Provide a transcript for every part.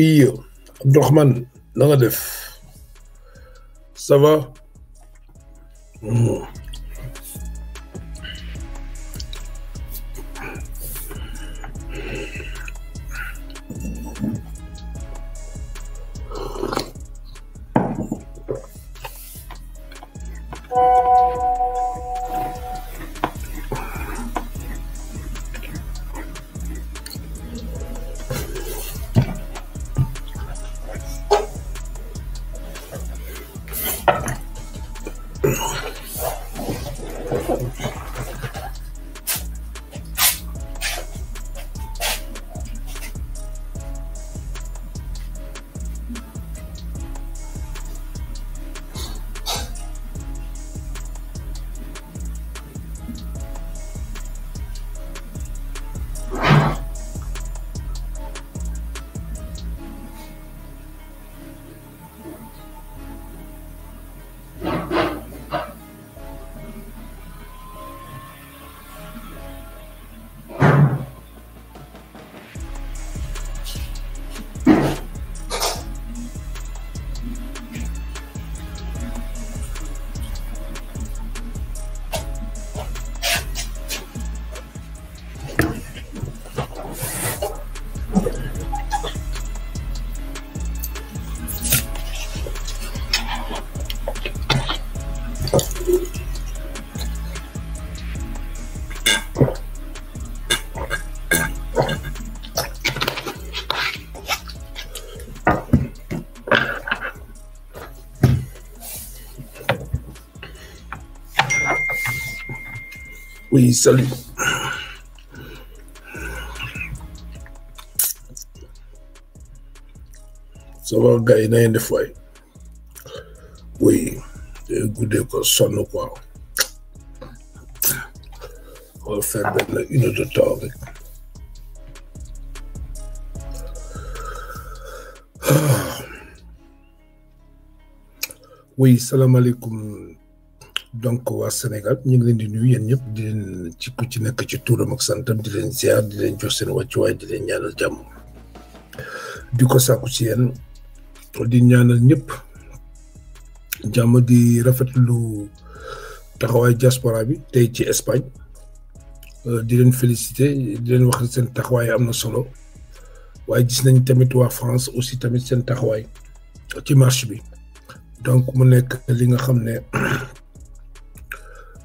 puis Abdourahmane na nga def ça va salut. Ça va, gars, il y a une fois. Oui, goûté quoi, quoi. On va faire une autre de ah. Oui, salam alaikum. donc au Sénégal ñu ngi ci ku ci nekk ci tuuram ak santam di leen ziar di leen jox seen wàccuwaay di leen ñaanal jàmm di ko sàkku ci di ñaanal ñëpp jàmm di rafetlu taxawaay diaspora bi tey ci Espagne euh, di leen félicité di leen wax seen taxawaay am na solo waaye gis nañ tamit waa France aussi tamit seen taxawaay ci marche bi donc mu nekk li nga xam ne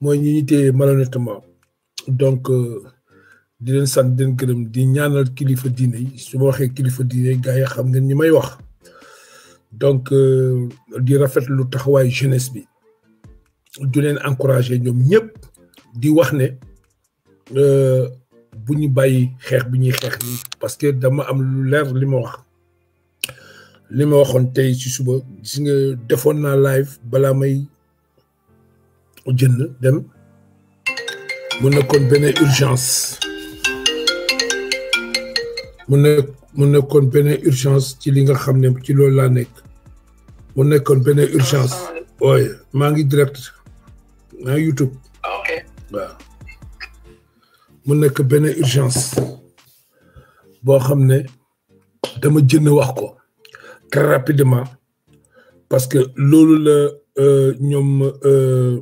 moy ñi ñu téye malhonnêtement donc euh, di len sant den gërem di ñaanal kilifa diiné su ma waxee kilifa diiné gaay xam ngeen ñi may wax donc euh, di lu taxawaay jeunesse bi du len encourager ñom ñëpp di wax né euh buñu bayyi xex biñu xex ni parce que dama am lu leer li ma wax li ma waxoon tey ci suba gis nga defoon na live bala may mu jënd dem mu nekkoon benn urgence mu ne mu nekkoon benn urgence ci li nga xam ne ci loolu laa nekk mu nekkoon benn urgence ooy maa ngi direct maa ngi YouTube ah, waaw mu nekk benn urgence boo xam ne dama jënd wax ko très rapidement parce que loolu la euh, ñoom euh,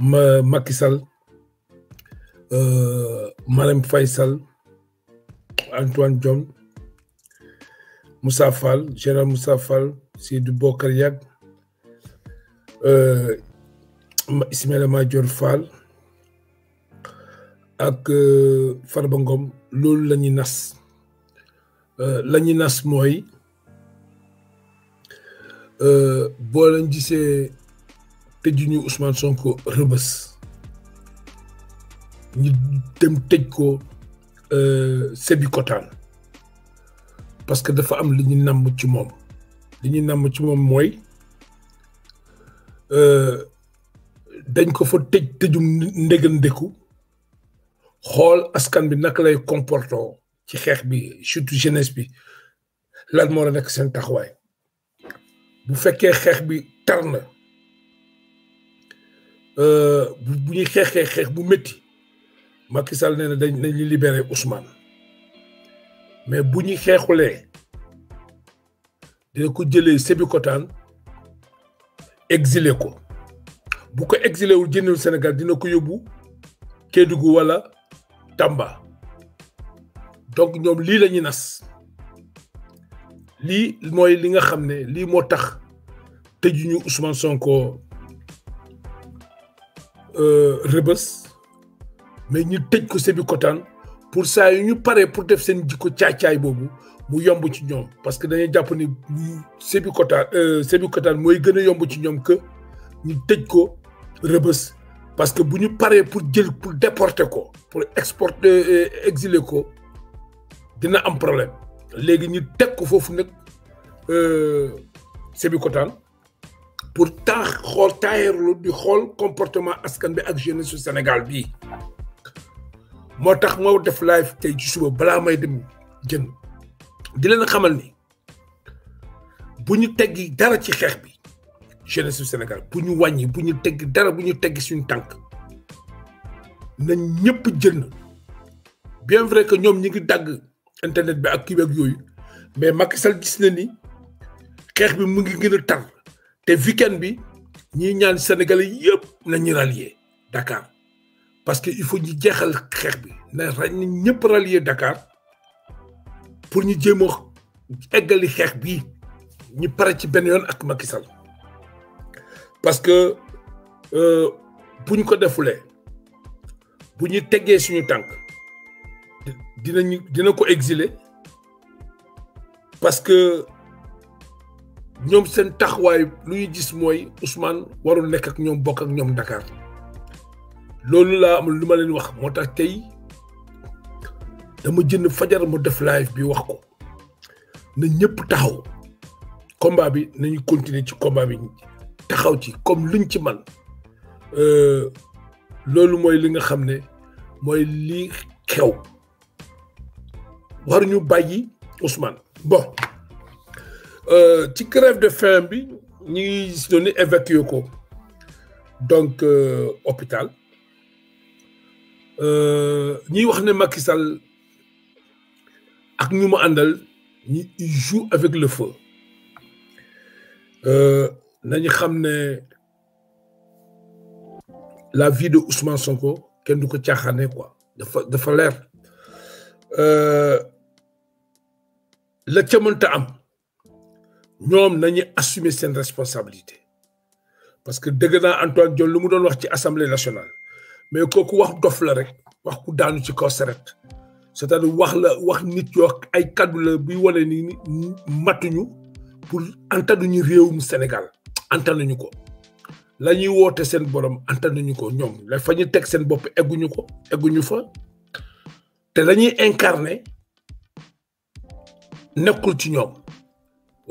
ma Macky Sall euh, Marème Faye Sall Antoine Diome Moussa Fall général Moussa Fall Seydou Bokar Yàgg euh, Ismaïla Madior Fall ak euh, Farba Ngom loolu la ñuy nas la ñuy nas mooy boo leen gisee. tëju ñu Ousmane Sonko rëbës ñu dem tej ko euh, Sébikotane parce que dafa am li ñu namm ci mom li ñu namm ci moy euh dañ ko fa tej tëjum ndegandeku xol askan bi nak lay comporto ci xex bi surtout jeunesse bi lan mo la nekk seen bu fekke xex bi tar euh, bu ñuy xex xeex bu metti Macky Sall nee dañ nañu libérer Ousmane mais buñu ñu xeexulee dina ko jëlee Sébikotane exilé ko bu ko exilé wul génnewul Sénégal dina ko yobbu Kédougou wala Tamba donc ñom li lañu nas li moy li nga xamné li motax moo tax Ousmane Sonko. Euh, rebeus mais ñu tej ko sebi kotaan pour ça ñu paré pour def sen jikko caay-caay bobu mu yomb ci ñom parce que dañuy japp ni sebi kotaan euh, sebi kotaan mooy gën a yomb ci ñom que ñu tej ko rebeus parce que bu ñu paree pour jël pour déporter ko pour exporter euh, exiler ko dina am problème légui ñu tek ko foofu nag sebi kotaan pour taax xool taayirlu di xool comportement askan bi ak jeunesse su Sénégal bi motax mo def live tay ci suba balaa may dem jeun di len xamal ni buñu teggi dara ci xex bi jeunesse su Sénégal bu wañi buñu bu teggi dara buñu teggi suñu tank na ñepp jeun bien vrai que ñom ñi ngi dag internet bi ak kii ak yooyu mais Macky Sall gis na ni xex bi mu ngi gëna a tar te weekend bi ñi ñaan sénégalais yëpp nañu rallier Dakar parce que il faut ñu jeexal xex bi na rañ ñëpp rallier Dakar pour ñu jéem a eggali xeex bii ñu paré ci ben yoon ak Macky Sall parce que euh buñ ko defulee buñu téggé suñu tank dinañu dina ko exiler parce que ñoom seen taxawaay lu ñu gis mooy Ousmane warul nekk ak ñoom bokk ak ñoom Dakar loolu laa am lu ma leen wax moo tax tey dama jënd fajar mu def live bi wax ko na ñëpp taxaw combat bi nañu continuer ci combat bi taxaw ci comme luñ ci man euh, loolu mooy li nga xam ne mooy li xew waruñu bàyyi Ousmane bon Euh, ci grève de faim bi ñu évacué donc euh, hôpital euh, ñi wax né ak joue avec le feu nañu la vie de Ousmane Sonko ken du ko quoi la nous, nañu assumer sen responsabilité parce que Antoine lu mu doon wax ci assemblée nationale mais qu'il wax dof la rek wax ku daanu ci c'est-à-dire wax la wax nit ay la ni matuñu pour antanuñu réewum Sénégal antanuñu ko la woté sen borom antanuñu ko ñom la fa tek sen bop ko fa té nous incarner incarné ci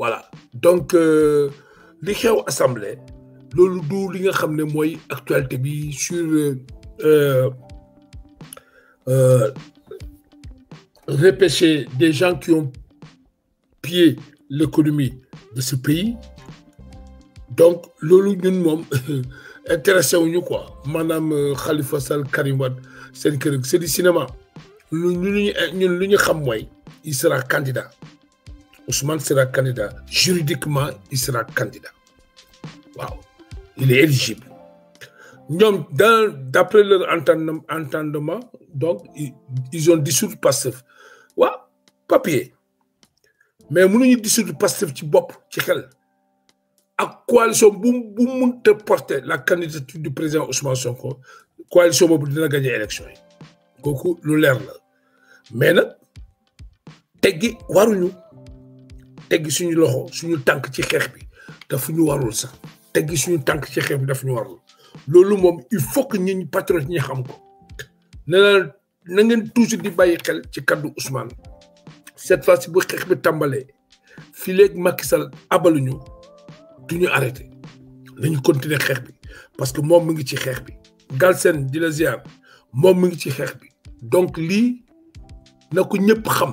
voilà donc euh, les assemblé assemblée loolu sur euh, euh, repêcher des gens qui ont pillé l'économie de ce pays donc nous ñun intéressé quoi madame Khalifa Sal Karim c'est du cinéma il sera candidat Ousmane sera candidat, juridiquement, il sera candidat. Waouh, il est éligible. D'après leur entendement, donc, ils, ont dissous le passif. Waouh, papier. Mais ils ont dissous le passif qui bop, À coalition, ils boum, te la candidature du président Ousmane Sonko, coalition, boum, de gagner l'élection. Beaucoup, le l'air là. Mais, nous? waruñu teggi suñu loxo suñu tank ci xex bi daf ñu warul sax teggi suñu tank ci xex bi daf ñu warul loolu moom il faut que ñi patriote ñi xam ko ne la na ngeen toujours di bàyyi xel ci kaddu Ousmane cette fois ci bu xex bi tàmbalee fii léegi Macky Sall abaluñu du ñu arrêté nañu continuer xex bi parce que moom mi ngi ci xex bi Galsen di la ziar moom mi ngi ci xex bi donc lii na ko ñëpp xam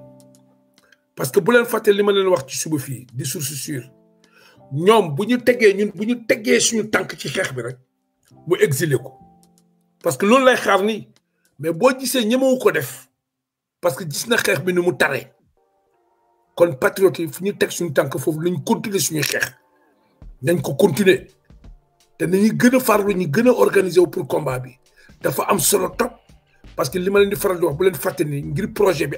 parce que si vous voulez, li ma leen wax ci suba des sources sûres, exilé parce que loolu lay des mais boo gisee des def parce que gis na xeex bi ni mu taree kon patriote faire fu ñu suñu continuer continuer organiser pour pour combat bi dafa am solo top parce que li ma ne di faral wax projet bi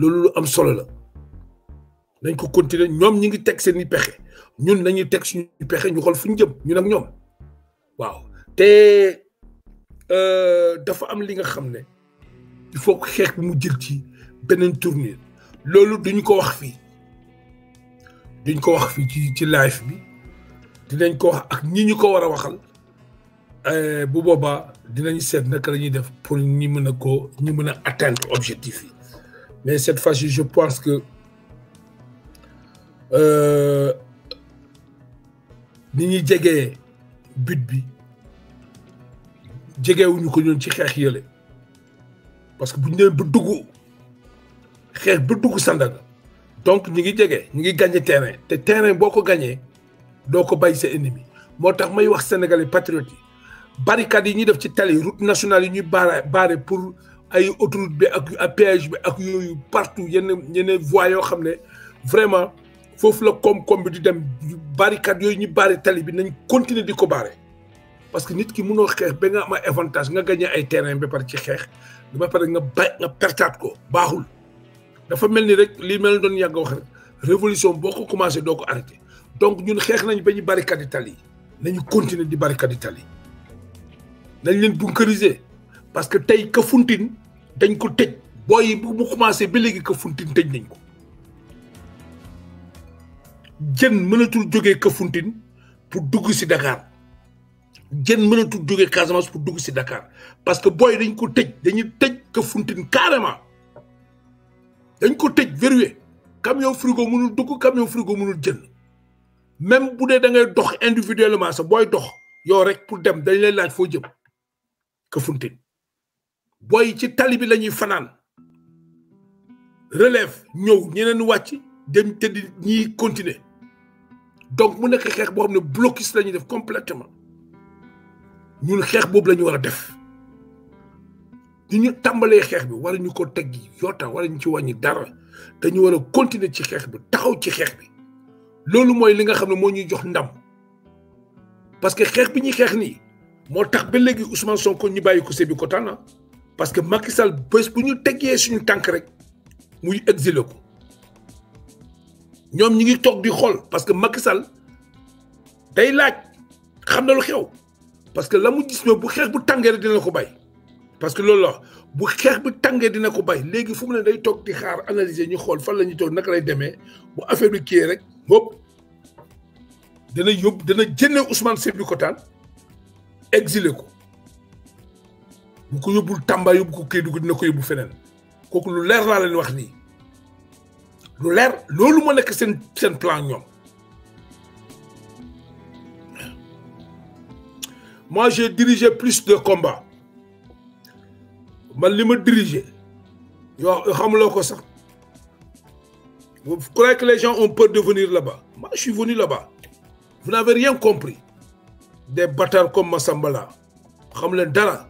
loolu am solo la nañ ko continuer ñoom ñi ngi teg seen i pexe ñun nañuy teg suñu pexe ñu xool fu ñu jëm ñun ak ñoom waaw te euh, dafa am li nga xam ne il faut xeex bi mu jël ci beneen tournure loolu duñ ko wax fii duñ ko wax fii ci ci live bi dinañ ko wax ak ñi ñu ko war a waxal euh, bu boobaa dinañ seet naka la def pour ñi mën a ko ñi mën a atteindre objectif yi Mais cette fois-ci, je pense que euh, ni ñuy jegee but bi jegewuñu ko ñoon ci xeex yële parce que bu ñu nee ba dugg xeex ba dugg Sandaga donc ñu ngi jege ñu ngi gagné terrain te terrain boo ko gagné doo ko bàyyi sa ennemi moo tax may wax sénégalais patriotes yi barricades yi ñuy def ci tali route nationale yi ñuy baare pour ay autoroute bi ak ak péage bi ak yoyu partout yenn yenn voies yo xamné vraiment foofu la koom-koom bi di dem barricade yooyu ñu bari tali bi nañ continuer di ko bare parce que nit ki mënoo xex ba nga am avantage nga gagner ay terrain ba par ci xeex ba par nga bay nga pertat ko baxul dafa melni rek li mel doon yàgg wax rek révolution boo ko commencé doo ko donc ñun xex nañ bañu barricade tali yi nañu continuer di barricade tali nañ leen bunkeriser parce que tey Kafountine dañ ko tëj booy bu mu commencé ba léegi Kafountine tëj nañ ko jën mënatul jóge Kafountine pour dugg si Dakar jën mënatul jógee Casamance pour dugg si Dakar parce que booy dañ ko tëj dañuy tëj Kafountine carrément dañ ko tëj verrouillé camion frigo mënul dugg camion frigo mënul jën même bu dee da ngay dox individuellement sax booy dox yow rek pour dem dañ lay laaj foo jëm Kafountine boy ci tali bi relève ñëw ñeneen wacc dem te di continuer donc mu nekk xex complètement ñun xex boobu la wara def ñu ñu tàmbalee bi wara ñu ko teg yota wara ñu ci wañi dara a continuer ci xex bi taxaw ci bi parce que xex bi ñi xex ni moo ba léegi Ousmane Sonko ñu parce que Macky Sall bés bu ñu teggee suñu tànk rek muy exilé ko ñoom ñi ngi toog di xool parce que Macky Sall day laaj xam na lu xew parce que la mu gis ñoom bu xeex bu tàngee rek dina ko bay parce que loolu la bu xeex bu tàngee dina ko bay léegi fu mu ne day toog di xaar analyser ñu xool fan la ñu toog naka lay demee bu affaire bi kii rek hop dana yóbbu dana jëndee Ousmane Sébikotane exilé ko bu ko yóbbul Tamba yóbbu ko Kédougou dina ko yóbbu fenen kooku lu leer laa len wax ni lu leer lolou mo nek sen sen plan ñom moi j'ai dirigé plus de combats man li ma dirigé xam lo ko sax vous croyez que les gens ont peur de venir là-bas moi je suis venu là-bas vous n'avez rien compris des bâtards comme Massambala xam leen dara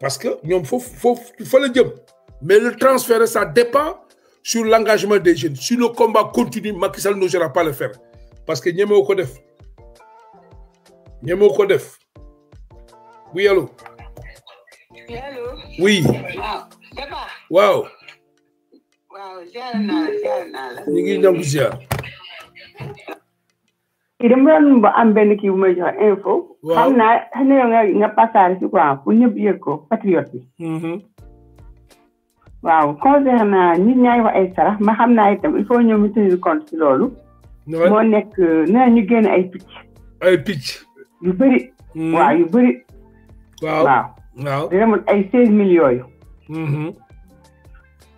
parce que nous faut, dire, mais le transfert ça dépend sur l'engagement des jeunes si le combat continue Macky Sall n'osera pas le faire parce que nous ko def ñemewu oui allo. oui oui. allô Oui. waouh, ah, Waouh. Idemran ba ambeni ki umejo info. Hamna hene nga nga pasar si kwa kunye bieko patrioti. Mhm. Wow, cause hana nit ñay wa ay sarax ma xamna itam il faut ñoom tenir compte ci loolu. Moo nekk na ñu génn ay picc. Ay picc. Yu bëri. Mm-hmm. Waaw yu bëri. Waaw. Waaw. Waaw. Dina mën ay 16 millions yooyu. Mhm.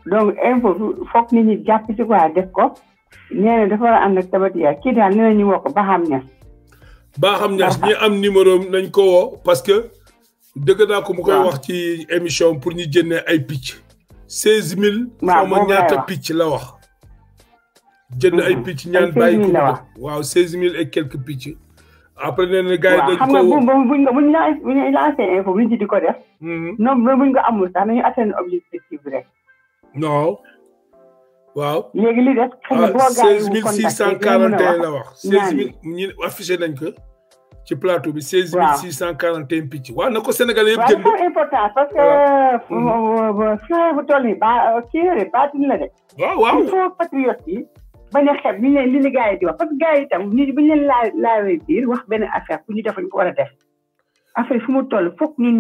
Donc info foog nit ñi jàpp ci quoi def ko. nee na dafa war a ànd kii daal nee na ñu woo ko Baxam Ñas. Baxam Ñas ñi am numéro nañ koo woo parce que dëgg naa ko mu koy wax ci émission pour ñu jëndee ay picc. seize mille. waaw ma ñaata picc la wax. jën ay picc ñaan bàyyi ko waaw seize mille et quelques picc. après nee na gars yi dañ ko waaw xam ci di ko def. non mm-hmm. buñ ko amul sax nañu atteindre objectif rek. waaw léegi li des xëy na boo gaaw seize mille six cent quarante la wax seize mille ñu nañ ko ci plateau bi seize mille six cent quarante et un picc waaw na ko Sénégalais yëpp waaw parce que euh, fin bu toll nii ba waaw waaw a xeeb ñu leen wax parce que gars yi itam nit bu ñu leen laa laawee biir wax benn affaire ku ñu defañ war a def affaire fu mu toll foog ñu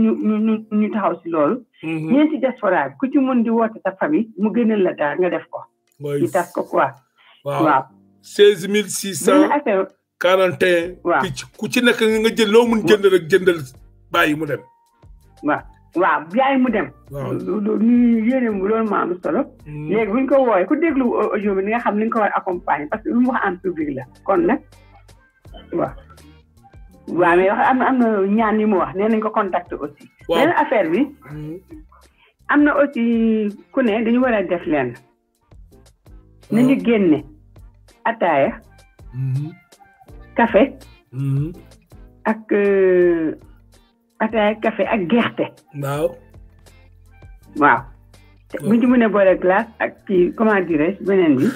ñu ñu taxaw si loolu mhm. ñeenti diaspora ku ci mën di woote sa famille mu gënal la daal nga def ko mooy ñu tas ko quoi. waaw seize mille six quarante un. waaw ku ci nekk nga jël loo mun jënd rek jëndal bàyyi mu dem. waaw waaw bàyyi mu dem. waaw lu yéene loolu moo solo. Mm. léegi bu ñu ko woowee ku déglu audio bi ni nga xam ni nga ko war accompagner parce que lu wax en public la kon nag waaw. waaw mais am na am na ñaan yu mu wax nee nañ ko contacter aussi. waaw beneen affaire bi. Mm. am na aussi ku ne dañu war a nañu génne ataaya kafe mm-hmm. mm-hmm. ak euh, ataaya kafe ak gerte waaw waaw bu ñu boole glace ak kii comment dirais-je beneen bi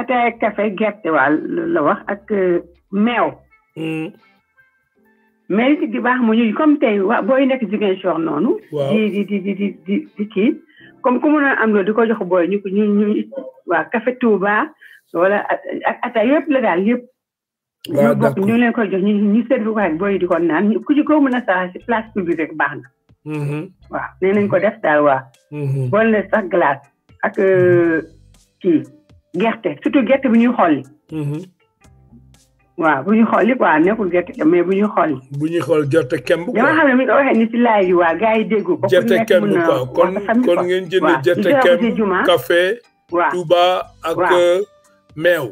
ataaya café gerte waa la wax ak euh, meew mais mm-hmm. li ci di baax mu ñuy comme tey booy nekk jigéen soor noonu di di di di di di kii comme ku mënoon am loolu di ko jox booy ñu ko ñu ñu waa café Touba wala ak ata yëpp la daal yëpp. waaw d'accord ñu jox ñu ñu servi ko ak booy di ko naan ku ci ko mën a sax si place publique rek baax na. Mm-hmm. waaw nee nañ ko def daal waaw. Mm-hmm. boole na sax glace ak euh, kii gerte surtout gerte bi ñuy xolli. Mm-hmm. waaw bu ñu xool nekkul gerte mais bu ñu xool. bu ñu xool gerte kemb. dama xam ne mi ngi waxee ni si waa gars yi dégg kemb quoi kon ngeen jënd gerte kemb café. waaw Touba ak euh, meew.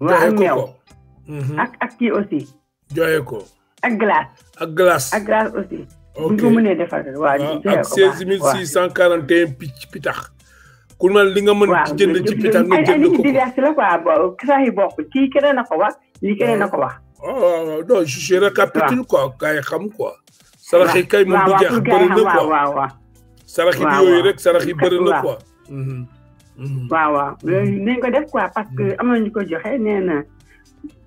waaw meew ak mhm. ak kii aussi. joxe ko. ak glace. ak glace ak glace aussi. ok bu ñu ko mënee defar waaw. Ah, ak seize mille six cent quarante et picc pitax. ku ne li nga mën ci jënd ci pita nga jënd ko waaw ay ay kii keneen na ko wax lii keneen na ko wax. waaw ah, ah, non je récapitule kay xam quoi. sarax yi kay moom du jeex bëri na quoi waaw waaw sarax yi yooyu rek sarax yi bëri na quoi. Mhm, mhm. waaw waaw mhm. ko def quoi parce que am na ñu joxe nee na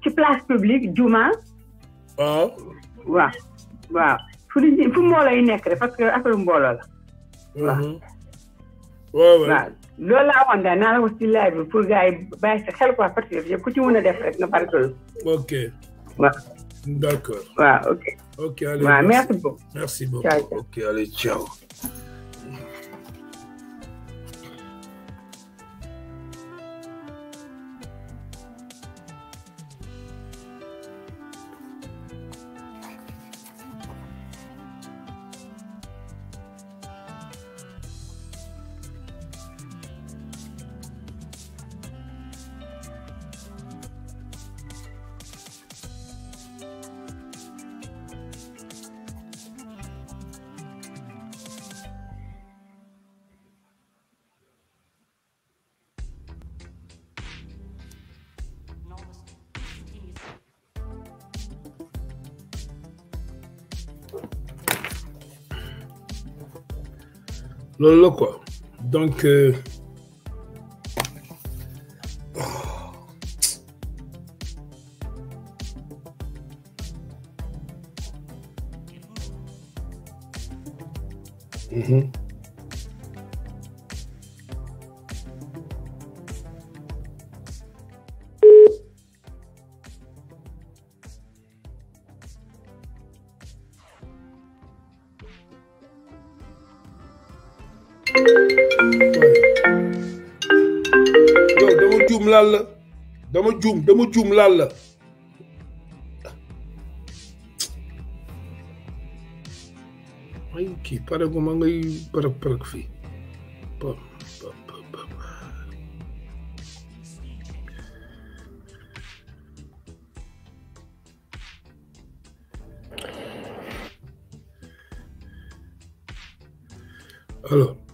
ci place publique juma. waaw. Ah. waaw waaw fu yi nekk rek parce que affaire mbooloo la. waaw loolu a waxoon daal naa la wax ci laaj bi pour gars xel quoi parce que ku ci mën a def rek nga barkeel. ok. waaw. d'accord. waaw ok. ok allez. waaw Lolo quoi donc. Euh, Yo, dama juum laal la dama juum dama juum laal la ay kii pare gu ma ngay përëg përëg fii bon Alors,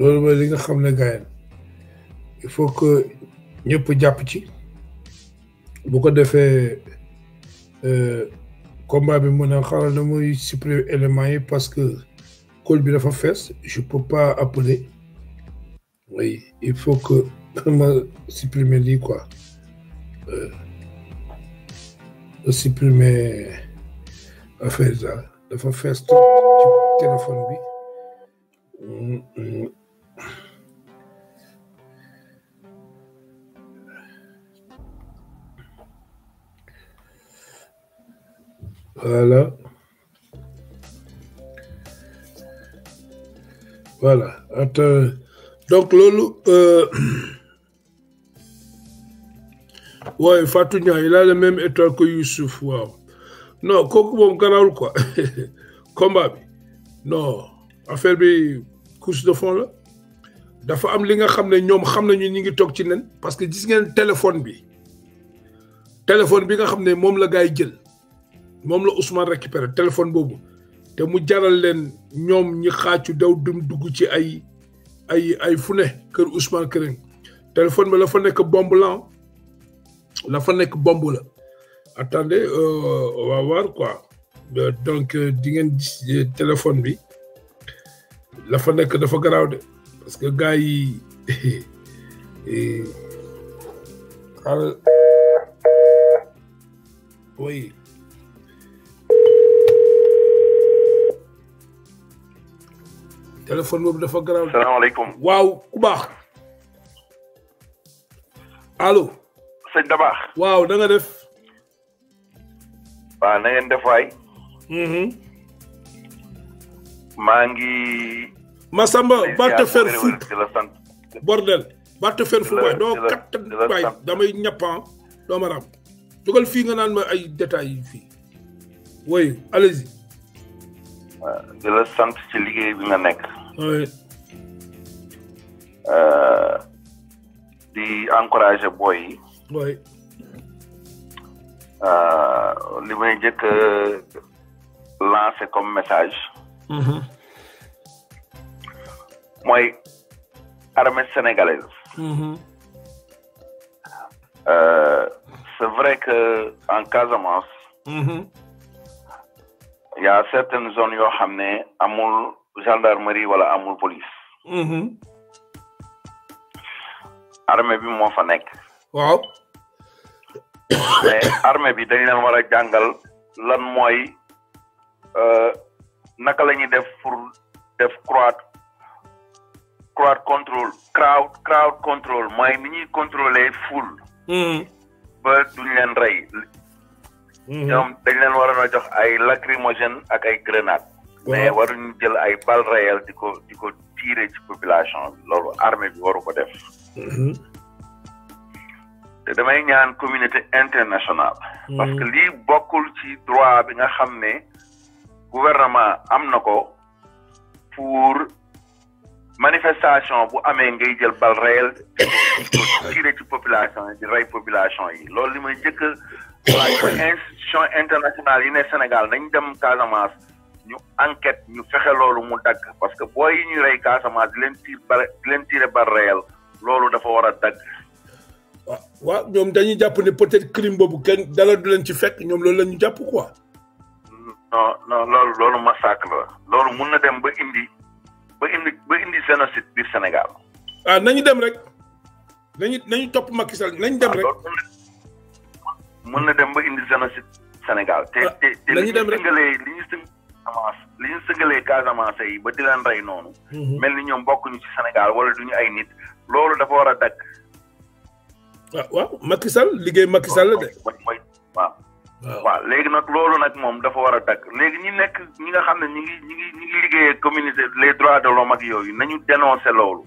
loolu mooy li nga xam ne gars il faut que ñëpp jàpp ci bu ko defee euh, combat bi mën a xaaral na muy supprimer éléments yi parce que col bi dafa fees je peux pas appeler oui il faut que ma supprimer lii quoi euh, supprimer affaire daal dafa fees ci téléphone bi. Mm, mm. Voilà. Voilà. Donc, Lolo. Euh... Fatou Fatounia, il a le même état que Youssouf. Wow. Non, Kokoubom quoi. Combat. Non. Affaire bi couche de fond, là. dafa am li ne ñi ngi ci parce que gis téléphone bi téléphone bi nga la moom la Ousmane récupéré téléphone boobu te mu jaral leen ñoom ñi xaacu daw dum dugg ci ay ay ay fu kër Ousmane kërin téléphone bi la fa nekk bomb la la fa nekk bomb la attendez euh, on euh, euh, téléphone bi la fa nekk dafa garaaw de parce que gars yi xaaral oui téléphone boobu dafa garaaw. salaamaaleykum. waaw ku baax. allo. sëñ Dabaax. waaw da nga def. waaw na ngeen def waay. Mhm. maa ngi. Massamba ba te faire foot bordel ba te faire foot waay doo kat waay damay ñappan ah, doo ma ram jógal nga naan ma ay détails yi woy allez-y. waaw la sant ci liggéey bi nga nekk. Right. Uh, ah, the Anchorage Boy. Right. Uh, ah, li may njëkk lancé comme message. Mm -hmm. Uhum. mooy armée sénégalaise. Uhum. Ah, mm -hmm. euh, c'est vrai que em casa Mm -hmm. y a certaines zones yoo xam ne gendarmerie wala amul police mhm. armée bi moo fa nekk waaw mais armée bi dañ leen war a jàngal lan mooy euh, naka la ñuy def pour def crowd crowd control crowd crowd control mooy ni ñuy contrôler foule mhm. ba duñ leen rey mhm. ñoom dañ leen waroon a jox ay lacrymogène ak ay grenade mais waruñu jël ay balles réelles di ko di ko tirer ci population bi loolu armée bi waru ko def. Mhm. te damay ñaan communauté internationale. Mhm. parce que lii bokkul ci droit bi nga xam ne gouvernement am na ko pour manifestation bu amee ngay jël bal réel di ci population yi di rey population yi loolu li may njëkk a. institution internationale yi ne Sénégal nañ dem Casamance. ñu enquête ñu fexe loolu mu dagg parce que booy yi ñu rey Casamance di leen tiir bare di leen tiire bar loolu dafa war a dagg. waaw waaw ñoom dañuy jàpp ne peut-être crime boobu kenn dara du leen ci fekk ñoom loolu la ñu jàpp quoi. non non loolu loolu massacre la loolu mun na dem ba indi ba indi ba indi génocide biir Sénégal. ah nañu dem rek nañu nañu topp Macky Sall nañu dem ah, rek. mun na dem ba indi génocide Sénégal. te ah, li ñu sëngalee li ñu Casamance li ñu sëgalee Casamance yi ba di leen rey noonu. Mhm. mel ni ñoom bokkuñu ci Sénégal wala duñu ay nit loolu dafa war a dagg. Ah, waaw waaw liggéey Macky Sall la de. waaw. waaw léegi nag loolu nag moom dafa war a dagg léegi ñi nekk ñi nga xam ne ñi ngi ñi ngi ñi communauté les droits de l'homme ak yooyu ñu dénoncé loolu.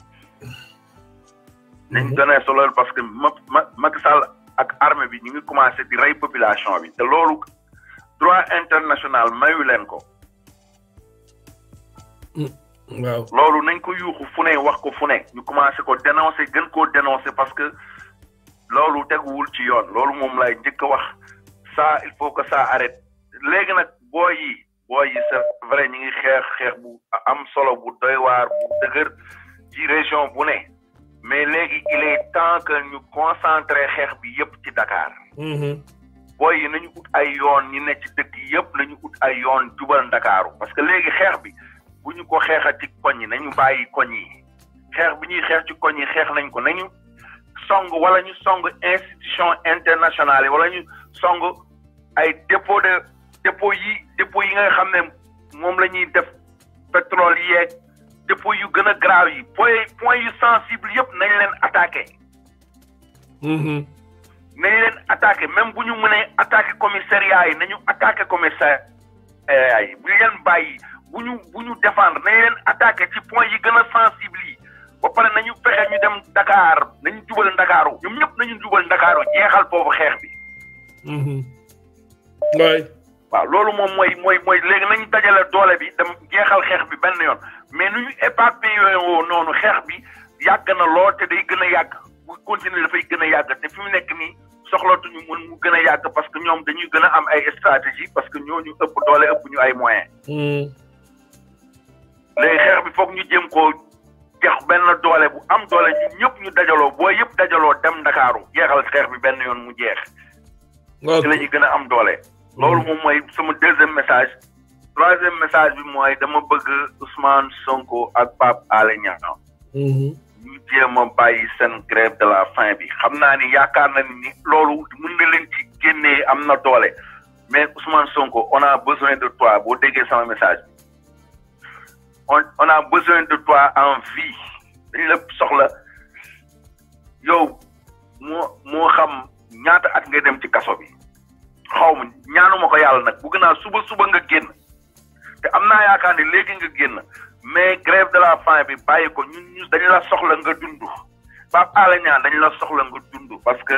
nañu mhm. dénoncé loolu parce que ma Macky Sall ak armée bi ñu ngi commencé di rey population bi te loolu droit international mayu leen ko. waaw loolu nañ ko yuuxu fu ne wax ko fu ne ñu commencé ko dénoncer gën koo dénoncer parce que loolu teguwul ci yoon loolu moom lay njëkk a wax ça il faut que ça arrête léegi nag booy yi booy yi c'est vrai ñu ngi xeex xeex bu am solo bu doy waar bu dëgër ci région bu ne mais léegi il est temps que ñu concentrer xeex bi yépp ci Dakar mm-hmm. booy yi nañu ut ay yoon ñi ne ci dëkk yëpp nañu ut ay yoon jubal Ndakaaru parce que léegi xeex bi bu ñu ko xeexati koñ yi nañu bàyyi koñ yi xeex bu ñuy xeex ci koñ yi xeex nañ ko nañu song wala ñu song institution internationale wala ñu song ay dépôt de dépôt yi dépôt yi nga xam ne moom la ñuy def pétrole yeeg dépôt yu gën a graaw yi point point yu sensible yëpp nañ leen attaqué mm-hmm. nañ leen attaqué même bu ñu mënee attaqué commissariat yi nañu attaqué commissariat yi bu ñu leen bàyyi Vous nous bu défendre nous ci point yi gëna nous sensible yi ba paré nañu fexe ñu dem Dakar nañu djubal Dakar ñom ñëpp nañu djubal Ndakaaru jéxal foofu xeex bi. Mhm. waay. waaw loolu mom moy moy moy légui nañu dajale doole bi dem jeexal xeex bi ben yoon mais nu ñu éparpillé woo noonu bi yag na lo té day a bu continuer dafay gën a yàgg te nekk ni soxlootuñu mën mu nous a parce que ñom dañuy gëna am ay stratégie parce que ñoñu ëpp doole ëpp ñu ay moyens mhm. léegi xeex bi foog ñu jëm koo jox benn doole bu am doole ñu ñëpp ñu dajaloo boo yëpp dajaloo dem ndakaaru jeexal xeex bi benn yoon mu jeex ci la ñu gën a am doole mm-hmm. loolu moom mooy sama deuxième message troisième message bi mooy dama bëgg Ousmane Sonko ak Pape Alé Niang mm-hmm. ñu jéem a bàyyi seen grève de la faim bi xam naa ni yaakaar na ni loolu mën na leen ci génnee am na doole mais Ousmane Sonko on a besoin de toi boo déggee sama message on on a besoin de toi en vie dañ la soxla yow moo moo xam ñaata at nga dem ci kaso bi xaw ma ñaanuma ko yàlla nag bëgg naa suba suba nga génn te am na yaakaar ne léegi nga génn mais grève de la faim bi bàyyi ko ñu dañu la soxla nga dund Pape Alé Niang dañu la soxla nga dundu parce que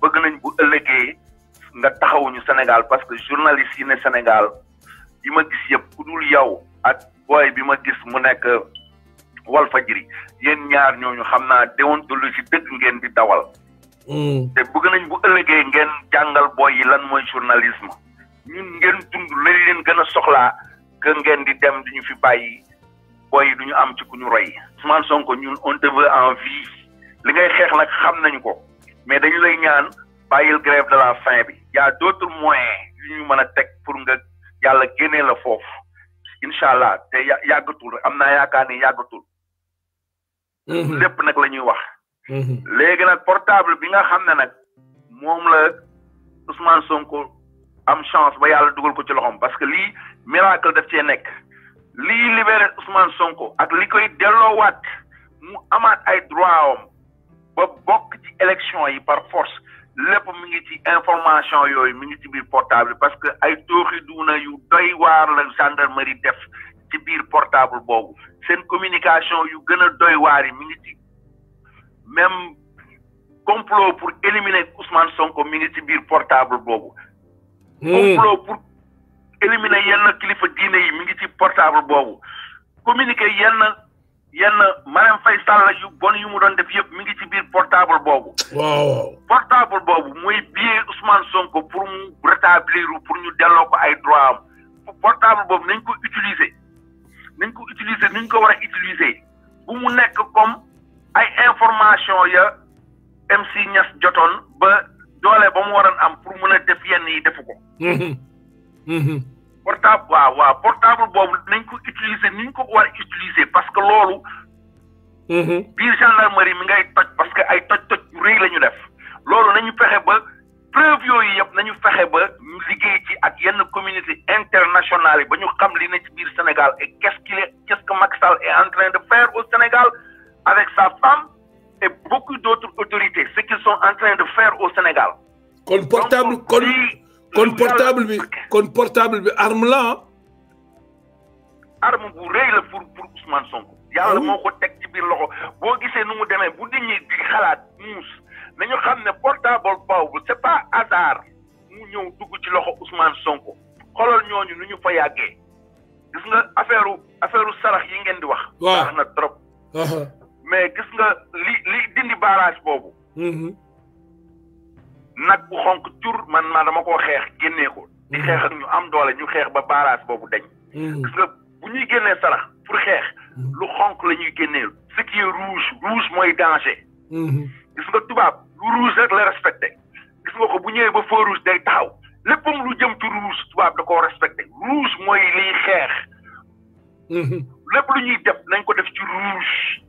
bëgg nañ bu ëllëgee nga taxawuñu Sénégal parce que journaliste yi ne Sénégal yi ma gis yëpp ku dul yow ak boy bi ma gis mu nekk Walfadjri yen ñaar ñooñu xam naa déontologie dëgg ngeen di dawal. Hmm. te bëgg nañ bu ëllëgee ngeen jàngal boy yi lan mooy journalisme ñun ngeen dund lañ leen gën a soxlaa ngeen di dem duñu fi bàyyi boy yi duñu am ci ku ñu roy. Ousmane Sonko ñun on te veut en vie li ngay xeex nag xam nañu ko mais dañu lay ñaan bàyyil grève de la faim bi. y a d'autres moyens yu ñu mën a teg pour nga yàlla génnee la foofu. incha allah te yàggatul am naa yaakaar ni yàggatul. Mm-hmm. lépp nag la ñuy wax. Mm-hmm. léegi nag portable bi nga xam ne nag moom la Ousmane Sonko am chance ba yàlla dugal ko ci loxoom parce que lii miracle daf cee nekk. lii libéré Ousmane Sonko ak li koy delloowaat mu amaat ay droit am ba bokk ci élection yi par force. lépp mi ngi ci information yooyu mi ngi ci biir portable parce que ay tooxi duuna yu doy waar la gendarmerie def ci biir portable boobu seen communication yu gën a doy waar yi mi ngi ci même complot pour éliminer Ousmane Sonko mi ngi ci biir portable boobu. complot pour éliminer yenn kilifa diine yi mi ngi ci portable boobu communiquer yenn. yenn Marème Faye Sall yu bon yu mu doon def yëpp mi ngi ci biir portable boobu. waaw portable boobu muy biir Ousmane Sonko pour mu rétablir pour ñu delloo ko ay droit am portable boobu nañ ko utiliser nañ ko utiliser nañ ko war a bu mu nekk kom ay information ya MC Niass jotoon ba doole ba mu waroon am pour mën a def yenn yi defu ko. portable waaw portable boobu nañ ko utiliser parce que loolu. Mhm. biir gendarmerie ngay parce que ay def. nañu ba communauté internationale yi Sénégal et ce est ce que Macky est en train de faire au Sénégal avec sa femme et beaucoup d'autres autorités ce qu'ils sont en train de faire au Sénégal. kon portable kon Con portable bi kon portable bi arme la ah. arme bu pour pour Ousmane Sonko. yalla qui oh. tek ci bir loxo bo gisee nu mu bu nit di xalaat c'est pas hasard mu ñëw dugg ci loxo Ousmane Sonko xolal ñooñu nu ñu fa gis nga affaire affaire sarax yi ngeen di wax. na trop. mais gis nga li li dindi barrage nag bu xonk tur man maa dama ko xeex génnee ko. di mm-hmm. xeex ñu am doole ñu xeex ba baaraas boobu dañ. Mm-hmm. gis nga bu ñuy génnee sarax pour xeex. Mm-hmm. lu xonk la ñuy génnee ce ruus est mooy danger. gis nga tubaab lu rouge rek la respecté. gis nga ko bu ñëwee ba feu rouge day taxaw léppam lu jëm ci rouge tubaab da koo respecté rouge mooy liy xeex. lépp lu ñuy def nañ ko def ci rouge.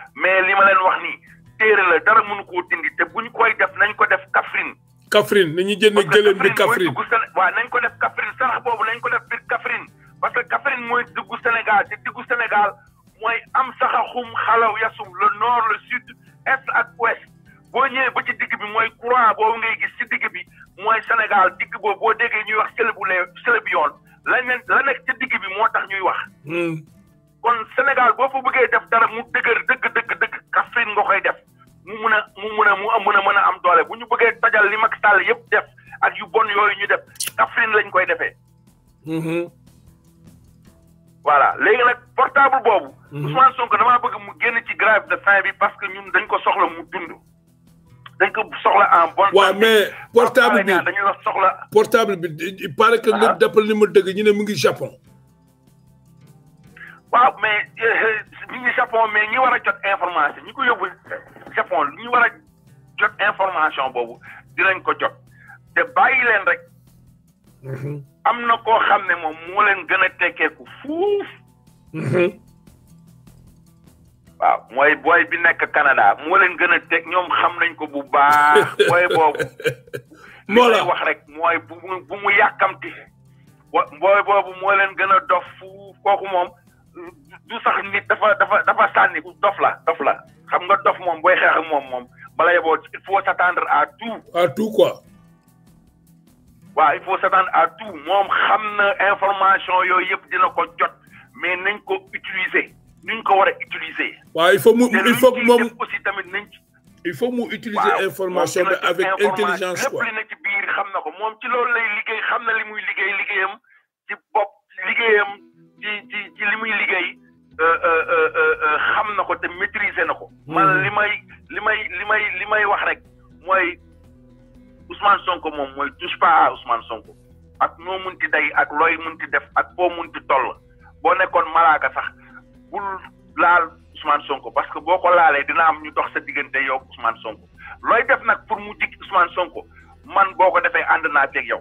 mais li ma leen wax ni téere la dara mënu koo dindi te buñ koy def nañ ko def Kaffrine. Kaffrine nañu jënd gëléem bi Kaffrine waaw nañ ko def Kaffrine sarax boobu nañ ko def biir Kaffrine parce que Kaffrine mooy diggu Sénégal te diggu Sénégal mooy am saxaxum xalaw yasum le nord le sud est ak ouest boo ñëwee ba ci digg bi mooy courant boobu ngay gis ci digg bi mooy Sénégal digg boobu boo déggee ñuy wax Sélébou le Sélébione yoon la nekk ci digg bi moo tax ñuy wax. Hmm. kon Sénégal boo fa bëggee def dara mu dëgër dëgg dëgg dëgg Kaffrine nga koy def mu mun a mu mun a mu mun a mën a am doole bu ñu bëggee tajal li mak Sall yëpp def ak yu bon yooyu ñu def Kaffrine lañ koy defee. Mm-hmm. voilà léegi nag portable boobu. Mm-hmm. Ousmane Sonko damaa bëgg mu génn ci grève de faim bi parce que ñun dañ ko soxla mu dund. dañ ko soxla en bonne. waaw mais portable bi dañu soxla. portable bi il paraît que ah. li ma dëgg ñu ne mu ngi Japon. waaw mais ñi euh, Japon mais ñi war jot information ñi ko yóbbu Japon ñi war jot information boobu dinañ ko jot te bàyyi leen rek. Mhm. am na ko xam ne moom moo leen gën a tekkeeku fuuf. Mhm. waaw mooy booy bi nekk Canada moo leen gën a teg ñoom xam nañ ko bu baax booy boobu. moo la wax rek mooy bu mu bu mu yàkkamti. booy boobu moo leen gën a dof fuuf kooku moom. du sax nit dafa dafa dafa sànni dof la dof la xam nga dof moom booy xeex ak moom moom bala yeboo il faut s'attendre à tout. à tout quoi. waaw il faut s'attendre à tout moom xam na information yooyu yëpp dina ko jot mais nañ ko utiliser nuñ ko war utiliser. waaw il faut mu il faut moom aussi tamit nañ ci. il faut mu utiliser information bi avec intelligence quoi lépp ci biir xam na ko moom ci loolu xam na li muy liggéey liggéeyam ci bopp liggéeyam. ci ci ci li muy liggéey euh, euh, euh, xam na ko te maitriser na ko. Mm-hmm. man li may li may li may li may wax rek mooy Ousmane Sonko moom mooy touche pas à Ousmane Sonko ak noo munti day ak looy munti def ak foo munti toll boo nekkoon malaaka sax pour laal Ousmane Sonko parce que boo ko laalee dina am ñu dox sa diggante yow Ousmane Sonko looy def nag pour mu jik Ousmane Sonko man boo ko defee ànd naa teg yow.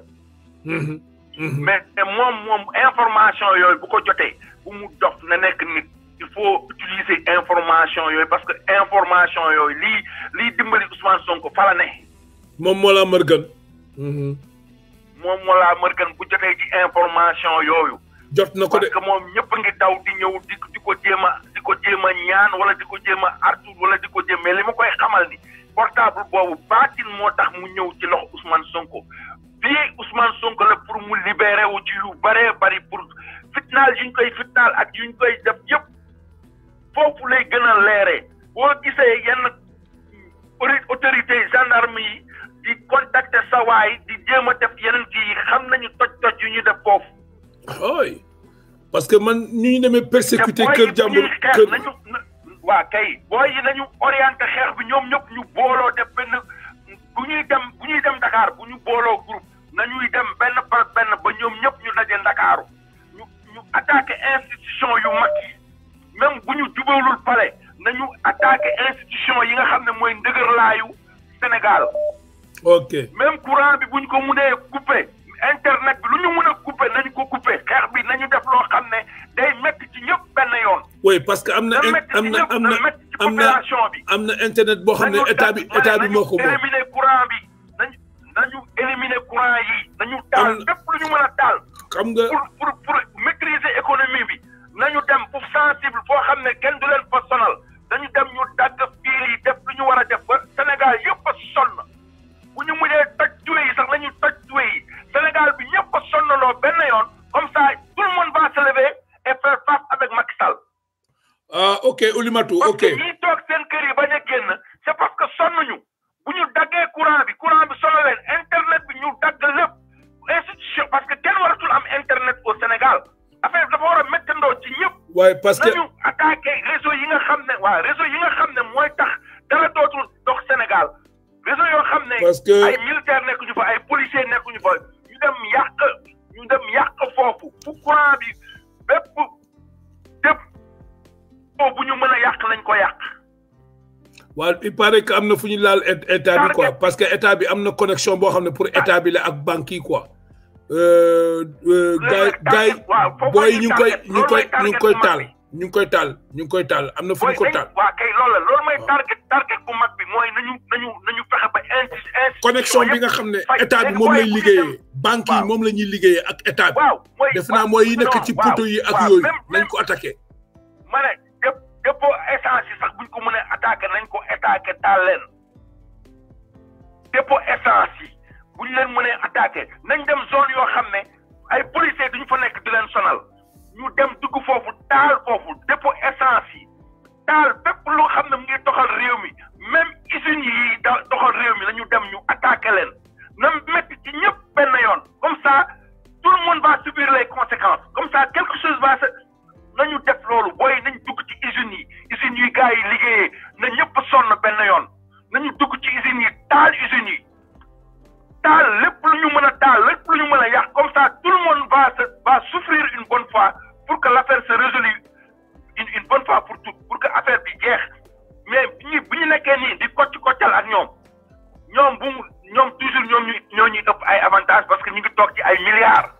Mm-hmm. Mhm. mais moom moom information yooyu bu ko jotee bu mu dox na nekk nit il faut utiliser information yooyu parce que information yooyu lii lii dimbali Ousmane Sonko fa la moom moo la mërgën. Mhm. moom moo la mërgën bu jotee ci information yooyu. jot na ko de que moom ñëpp ngi daw di ñëw di di ko jéem di ko jéem a ñaan wala di ko jéem a artu wala di ko jéem mais li ma koy xamal ni portable boobu baatin moo tax mu ñëw ci loxo Ousmane Sonko. bii Ousmane Sonko la pour mu libéré wu ci yu bëree bari pour fitnal yuñ koy fitnal ak yuñ koy def yépp foofu lay gën a leeree boo gisee yenn autorité gendarme yi di contacter sa waay di jéem def yeneen kii xam nañu toj-toj yu ñu def foofu. ooy parce que man ñu ñu demee persécuté kër jàmbur kër nañu waa kay booy yi nañu orienter xeex bi ñoom ñëpp ñu booloo def benn bu ñuy dem bu ñuy dem Dakar bu ñu booloo groupe nañuy dem benn par benn ba ñoom ñëpp ñu daje ndakaaru ñu ñu institution yu même si nous jubawlul palais nañu attaqué institution yi nga xam ne Sénégal. ok même courant bi buñ ko coupé internet bi lu ñu coupé nous ko coupé xeex bi nañu def loo xam day ci ñëpp benn yoon. oui parce que am na am na internet boo xam état bi état bi nous éliminer courant yi nous lu ñu pour pour pour maîtriser économie bi nañu dem pour sensible foo xam kenn du leen fa dañu dem ñu nous fiil Sénégal, def lu ñu a def de Sénégal yëpp bu ñu fait. Sénégal bi a dans yoon comme ça tout le monde va se lever et faire face avec Macky Sall. ah ok Oulimatou ok parce que nous sommes seen c'est parce que sonnuñu. bu ñu daggee courant bi courant bi solo leen internet bi ñu dagg lépp institution parce que kenn waratul am internet au Sénégal affaire dafa war a ci ñëpp. waaye parce que nañu attaqué réseau yi nga xam ne waa réseau yi nga xam ne mooy tax dara dootul dox Sénégal réseau yoo xam ne. parce que ay militaire nekkuñu fa ay policier nekkuñu fa ñu dem yàq ñu dem yàq foofu fu courant bi bépp bépp bu ñu mën a yàq lañ ko yàq. waaw il paraît que am na fu laal état bi quoi parce que état bi am connexion boo xam pour état bi la ak banque yi quoi. Euh, euh, gars gars booy ñu ngi koy ñu koy ñu ngi koy tal ñu ngi am na fu ñu ko tal waaw kay loolu la loolu mooy target target bu mag bi mooy nañu nañu nañu fexe ba connexion bi nga xam ne état bi moom lay liggéeyee. banque yi moom la ñuy liggéeyee ak état bi. def naa mooy yi nekk ci poteau yi ak yooyu nañ ko attaqué dépôt essence yi sax buñ ko mën attaquer nañ ko attaquer talen leen essence yi buñ leen mënee attaquer nañ dem zone yo xamné ay policiers duñ fa nek di leen sonal ñu dem dugg fofu tal fofu essence yi mu ngi doxal réew mi même usine yi doxal réew mi lañu dem ñu attaquer leen na metti ci ñepp ben yoon comme ça tout le monde va subir les conséquences comme ça quelque chose va se nañu def loolu booy nañ dugg ci usine yi usine yi gars yi liggéeyee na ñëpp sonn benn yoon nañu dugg ci usine yi taal usine yi taal lépp lu ñu mën a taal lépp lu ñu mën a yàq comme ça tout le monde va se va souffrir une bonne fois pour que l' affaire se résolue une une bonne fois pour tout pour que affaire bi jeex mais bi ñu bi ñu nekkee nii di kocc koccal ak ñoom ñoom bu ñoom toujours ñoom ñu ñoo ñuy ëpp ay avantage parce que ñu ngi toog ci ay milliards.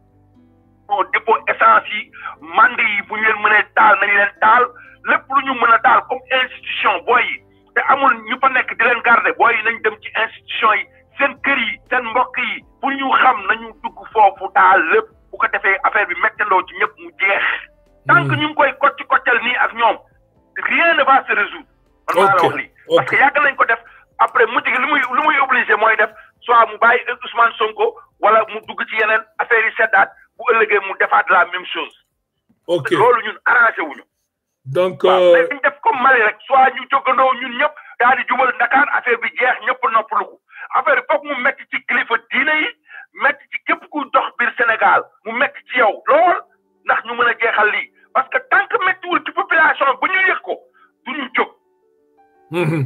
non dépôt essence yi mandi yi bu ñu leen mënee taal nañu leen taal lepp lu ñu mën a comme institution boy yi te amul ñu fa nek di leen garder boy yi nañ dem ci institution yi seen kër yi seen mbokk yi pour ñu xam nañu dugg fofu taal lepp bu ko défé affaire bi mettandoo ci ñëpp mu jeex. Hmm. tant que ñu ngi koy kocc koccal ni ak ñom rien ne va se résoudre. man maa la wax lii parce que yàgg nañ ko def après mu gi lu muy lu muy obligé mooy def soit mu bàyyi Ousmane Sonko wala mu dugg ci yenen affaire yi sédat bu ëllëgee mu defaat la même chose. ok loolu ñun arrangé wuñu donc waaw euh, mais ñu def comme Mali rek soit ñu jógandoo ñun ñëpp daal di jubal Dakar affaire bi jeex ñëpp noppalu ko affaire bi mu metti ci kilifa diine yi metti ci képp kuy dox biir Sénégal mu metti ci yow lool ndax ñu mën a jeexal lii parce que tant que méttiwul ci population bu ñu yëg ko du ñu jóg. Mhm.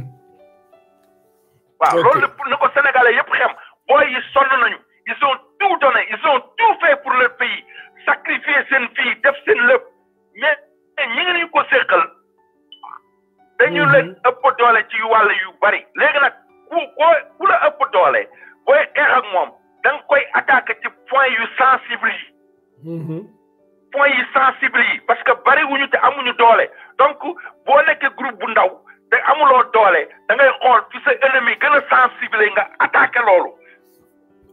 waaw loolu na ko Sénégalais yëpp xem booy yi sonn nañu. Ils ont tout donné, ils ont tout fait pour le pays. Sacrifier le. vie, def mais ñi ko sékkal dañu mhm. ëpp ci wàll yu bari léegi nag ko ku la ëpp doole booy ak moom da koy attaqué ci point yu sensible mhm. point sensible parce que bari wuñu te amuñu doole donc boo nekkee groupe bu ndaw te amuloo doole da ngay xool fi sa ennemi gën a sensible nga attaqué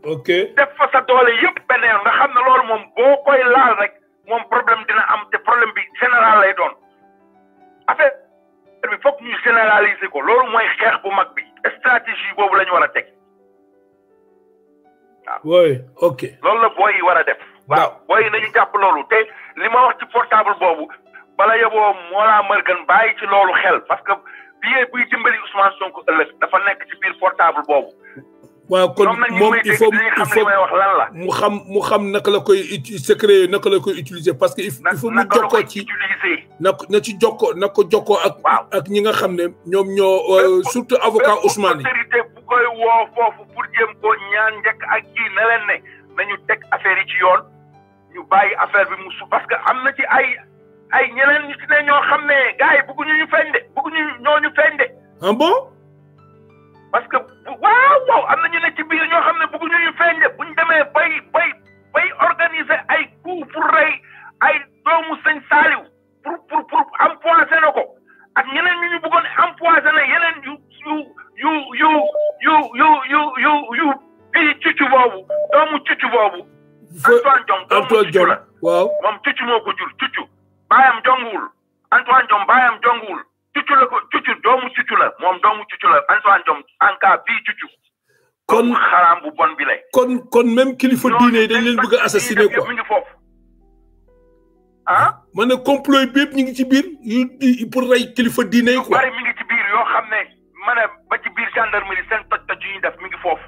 ok def fa sa doole yëpp benn yoon nga xam ne loolu moom boo koy laal rek moom problème dina am te problème bi général lay doon affaire bi ñu généraliser ko loolu mooy xeex bu mag bi stratégie boobu lañu war a teg waaw ok loolu la booy yi war a def waaw booy yi nañu jàpp loolu te li ma wax ci portable boobu bala yoboo moolaa mërgën bàyyi ci loolu xel parce que billet buy dimbali Ousmane Sonko ëllëg dafa nekk ci biir portable boobu waaw kon il faut il faut mu xam mu xam la koy secret utiliser que il faut mu jokkoo ci na na ci surtout avocat Ousmane bu koy pour ko ñaan ak ne nañu affaire ci yoon ñu affaire bi mu su parce que am na ci ay ay ñeneen ñu ci ne xam bon parce que waaw waaw am na ñu ne ci biir ñoo xam ne bëgguñu ñu feeñ de buñ demee bay bay bay organiser ay coup pour rey ay doomu sëñ Saaliw pour pour pour empoisonné na ko ak ñeneen ñu ñu bëggoon empoisonné yeneen yu yu yu yu yu yu yu yu yu bii cucu boobu doomu cucu boobu Antoine Diome doomu cucu la waaw moom cucu moo ko jur cucu baayam jonguwul Antoine Diome baayam jonguwul cucu la ko cucu doomu cucu la moom doomu cucu la ansoan Diome en cas bii cucu. kon xaraam bu bon bi lay. kon kon même kilifa diine dañ leen bëgg a assassiner quoi mi ngi foofu. ah. ma ne complot bi yëpp ñu ngi ci biir yu pour rey kilifa diine quoi. bari mi ngi ci biir yoo xam ne ma ne ba ci biir gendarmerie seen toj toj yu ñu def mi ngi foofu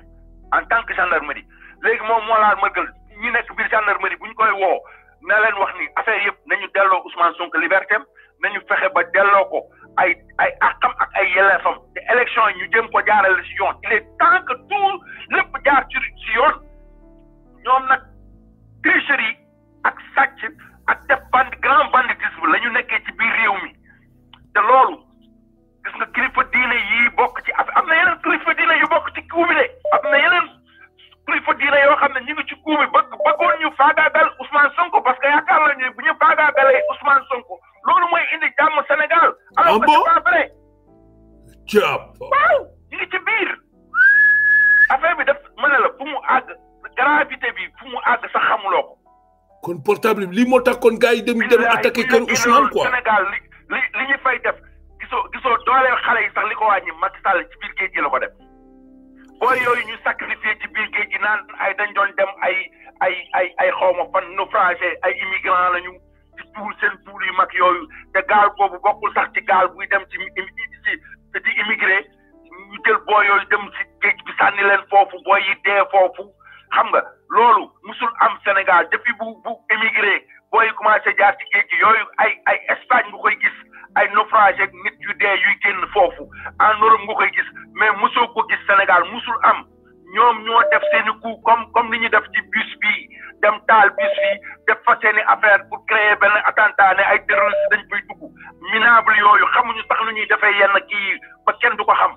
en tant que gendarmerie léegi moom moo laal mërgal ñi nekk biir gendarmerie bu koy woo na leen wax ni affaire yëpp nañu delloo Ousmane Sonko liberté nañu fexe ba delloo ko ay ay àqam ak ay yelleefam te élection yi ñu jëm ko jaarale si yoon il est temps que tout lépp jaar ci si yoon ñoom nag tricherie ak sàcc ak def band grand banditisme la ñu nekkee ci biir réew mi te loolu gis nga kilifa diine yi bokk ci af am na yeneen kilifa diine yu bokk ci kuubi de am na yeneen kilifa diine yoo xam ne ñu ngi ci kuubi bëgg bëggoon ñu faagaagal Ousmane Sonko parce que yaakaar nañu bu ñu faagaagalee Ousmane Sonko loolu mooy indi jàmm Sénégal. alors ah jàpp waaw ñu ci biir. affaire bi def ma ne la fu mu àgg gravité bi fu mu àgg sax xamuloo ko. kon portable bi moo tax kon gars yi dem dem attaqué kër Ousmane quoi. Sénégal li li li fay def gisoo gisoo dooleel xale yi sax li ko wàññi Macky Sall ci biir géej gi la ko def. booy yooyu ñu sacrifié ci biir géej gi naan ay dañ doon dem ay ay ay ay xaw ma fan naufragé ay immigrant lañu. di tuur seen tuur yu mag yooyu te gaal boobu bokkul sax ci gaal buy dem ci ci di immigré ñu jël boo yooyu dem si géej leen foofu booy yi foofu xam nga loolu musul am Sénégal depuis bu bu immigré booy commencé jaar ci géej yooyu ay Espagne nga koy gis ay naufragé nit yu dee yuy génn foofu en Europe koy gis mais musoo ko gis Sénégal musul am. ñoom ñoo def seeni ku comme comme li ñuy def ci bus bi dem taal bus bi def fa seeni affaire pour créer benn ay ne ay terroriste dañ koy dugg minable yooyu xamuñu sax lu ñuy defee yenn kii ba kenn du ko xam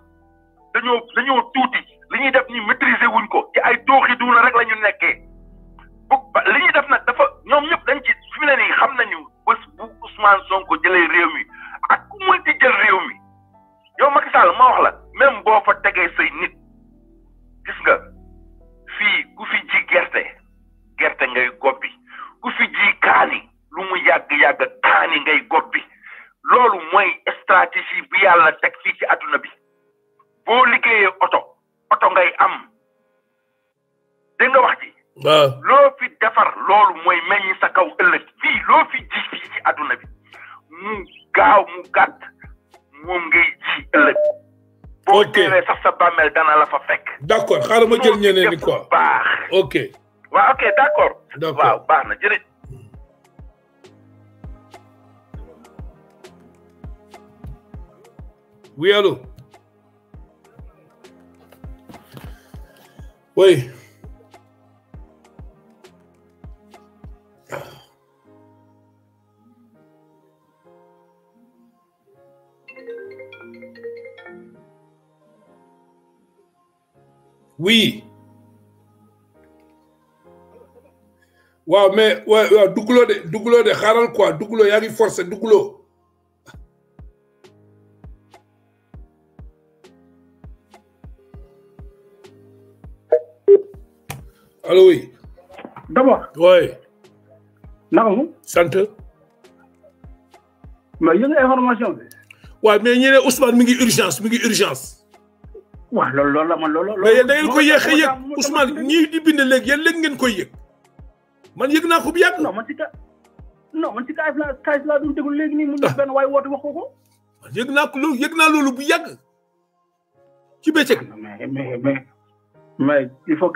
dañoo dañoo tuuti li ñuy def ni maîtriser wuñ ko ci ay tooxi duuna rek la ñu nekkee bu li ñuy def nag dafa ñoom ñëpp dañ ci fi mu ne nii xam nañu bés bu Ousmane Sonko jëlee réew mi ak ku mën ci jël réew mi yow Macky Sall ma wax la même boo fa tegee say nit. gis nga fii ku fi ji gerte gerte ngay gobbi ku fi ji kaani lu mu yàgg-yàgg kaani ngay gobbi loolu mooy stratégie bi yàlla teg fi ci àdduna bi boo liggéeyee oto oto ngay am dégg nga wax ji loo fi defar loolu mooy meññ sa kaw ëllëg fii loo fi ji fii ci àdduna bi mu gaaw mu gàtt moom ngay ji ëllëg Ok eh, ça ça sa bàmmeel dans la fa fekk. d' accord xaaral ma jël ñeneen ni quoi baax. ok waaw ok d'accord. D'accord. d' accord waaw baax oui allo. oui. Oui. Wa mais wa ouais, Douglo de douglo de Haran quoi Douglo Yari Force, Douglo. allo oui. d'abord. oui. Non. mu. sant. mais une information Wa mais y a Ousmane mi ngi urgence mi ngi urgence a Ousmane di bind yéen ngeen koy man yëg non man mais il faut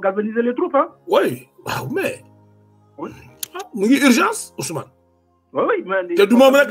galvaniser les troupes hein. oui mais. Ah, mu ngi urgence Ousmane. oui oui mais te du moom ak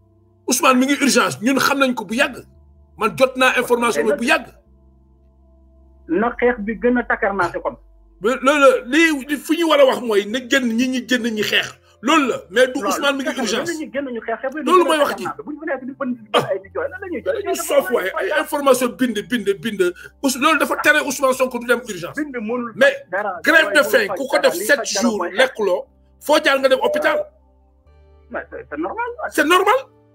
Ousmane mi ngi urgence ñun xam nañ ko bu yàgg man jot naa information bu yàgg. na xeex bi gën a takkarnaate kon. loolu la li fu ñu war a wax mooy na gën ñi ñi gën ñi xeex loolu la mais du Ousmane mi ngi urgence loolu mooy wax ji ñu ah. soof waaye hein. ay information bind bind bind loolu dafa tere Ousmane Sonko du dem urgence bind mais grève de faim ku ko def sept jours lekkuloo foo jaar nga dem hôpital c'est normal c'est normal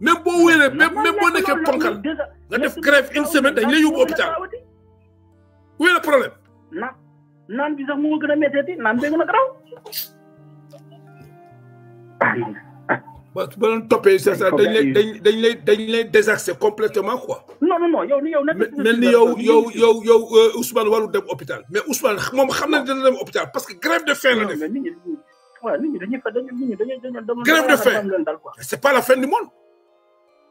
même boo mais même même ponkal nga def grève une semaine dañ lay hôpital où est le problème. Non, sax a ba c'est ça dañ lay dañ lay complètement quoi. non non non yow ni yow ni yow yow Ousmane dem hôpital mais Ousmane je xam na pas dem hôpital parce que grève de faim la def. grève de faim c'est pas la fin du monde.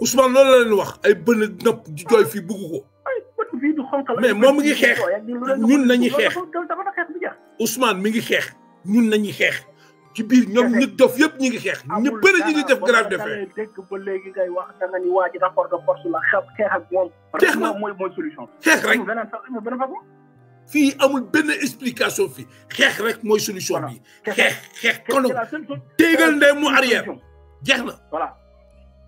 Ousmane loolu la leen wax ay bën a nëpp di jooy fii bugg ko. mais moom mi ngi xeex ñun nañu xeex Ousmane mi ngi xeex ñun nañu xeex ci biir ñoom ñu def yëpp ñu ngi xeex ñu bëri ñu ngi def grave de fait. léegi ngay wax da nga ni waa ji rapport de force la xeex ak moom. xeex na mooy mooy solution. xeex rek fii amul benn explication fii xeex rek mooy solution bi. xeex xeex kono téegal de mu arrière jeex na.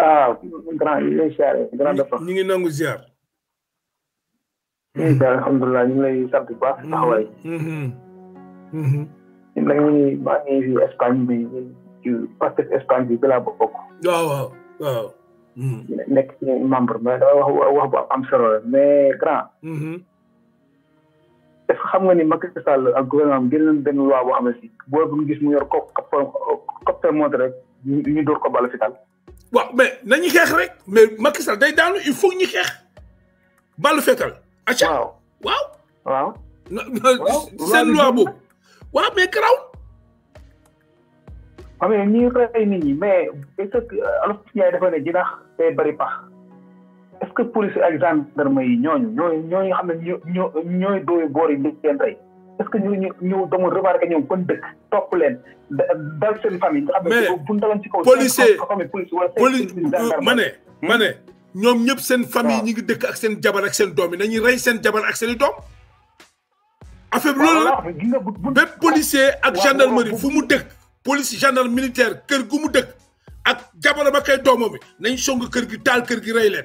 ah grand ñu ngi siyaare grand dafa ñu nangu ziar. ñu ngi siyaare alhamdulilah baax taxawaay. ñun mm-hmm. mm-hmm. nag ñu ngi maa ngi fi Espagne bi ci Pastef Espagne bi bi bokk. Mm-hmm. nekk membre mais da wax wax am solo la mais grand. est-ce que xam nga ni Macky Sall ak gouvernement bi génnoon benn loi boo xam ne si gis mu yor ko copte montre rek ñu door ko bala fital waaw mais nañu xeex rek mais Macky Sall day daanu il faut ñu xeex bàllu fetal acca waaw waaw seen loi boobu waaw mais garaaw amee ah, ñuy rey nit ñi mais est-ce que alof euh, yaay dafa ne jinax day bari pax est-ce que police ak yi ñooñu ñooñu ñooñu xam ne ñoo ñooy dooyu boor yi di leen rey est-ce ñu ñu doon remarqué ñoom kon dëkk topp leen dal seen famille. nga xam ne ci kaw policier ma ne ma ne ñoom ñëpp seen famille ñi ngi dëkk ak seen jabar ak seen doom yi nañuy rey seen jabar ak seen i doom. affaire bi loolu la bépp policier ak gendarmerie fu mu dëkk. police gendarme militaire kër gu mu dëkk ak jabaram ak ay doomam yi nañ song kër gi taal kër gi rey leen.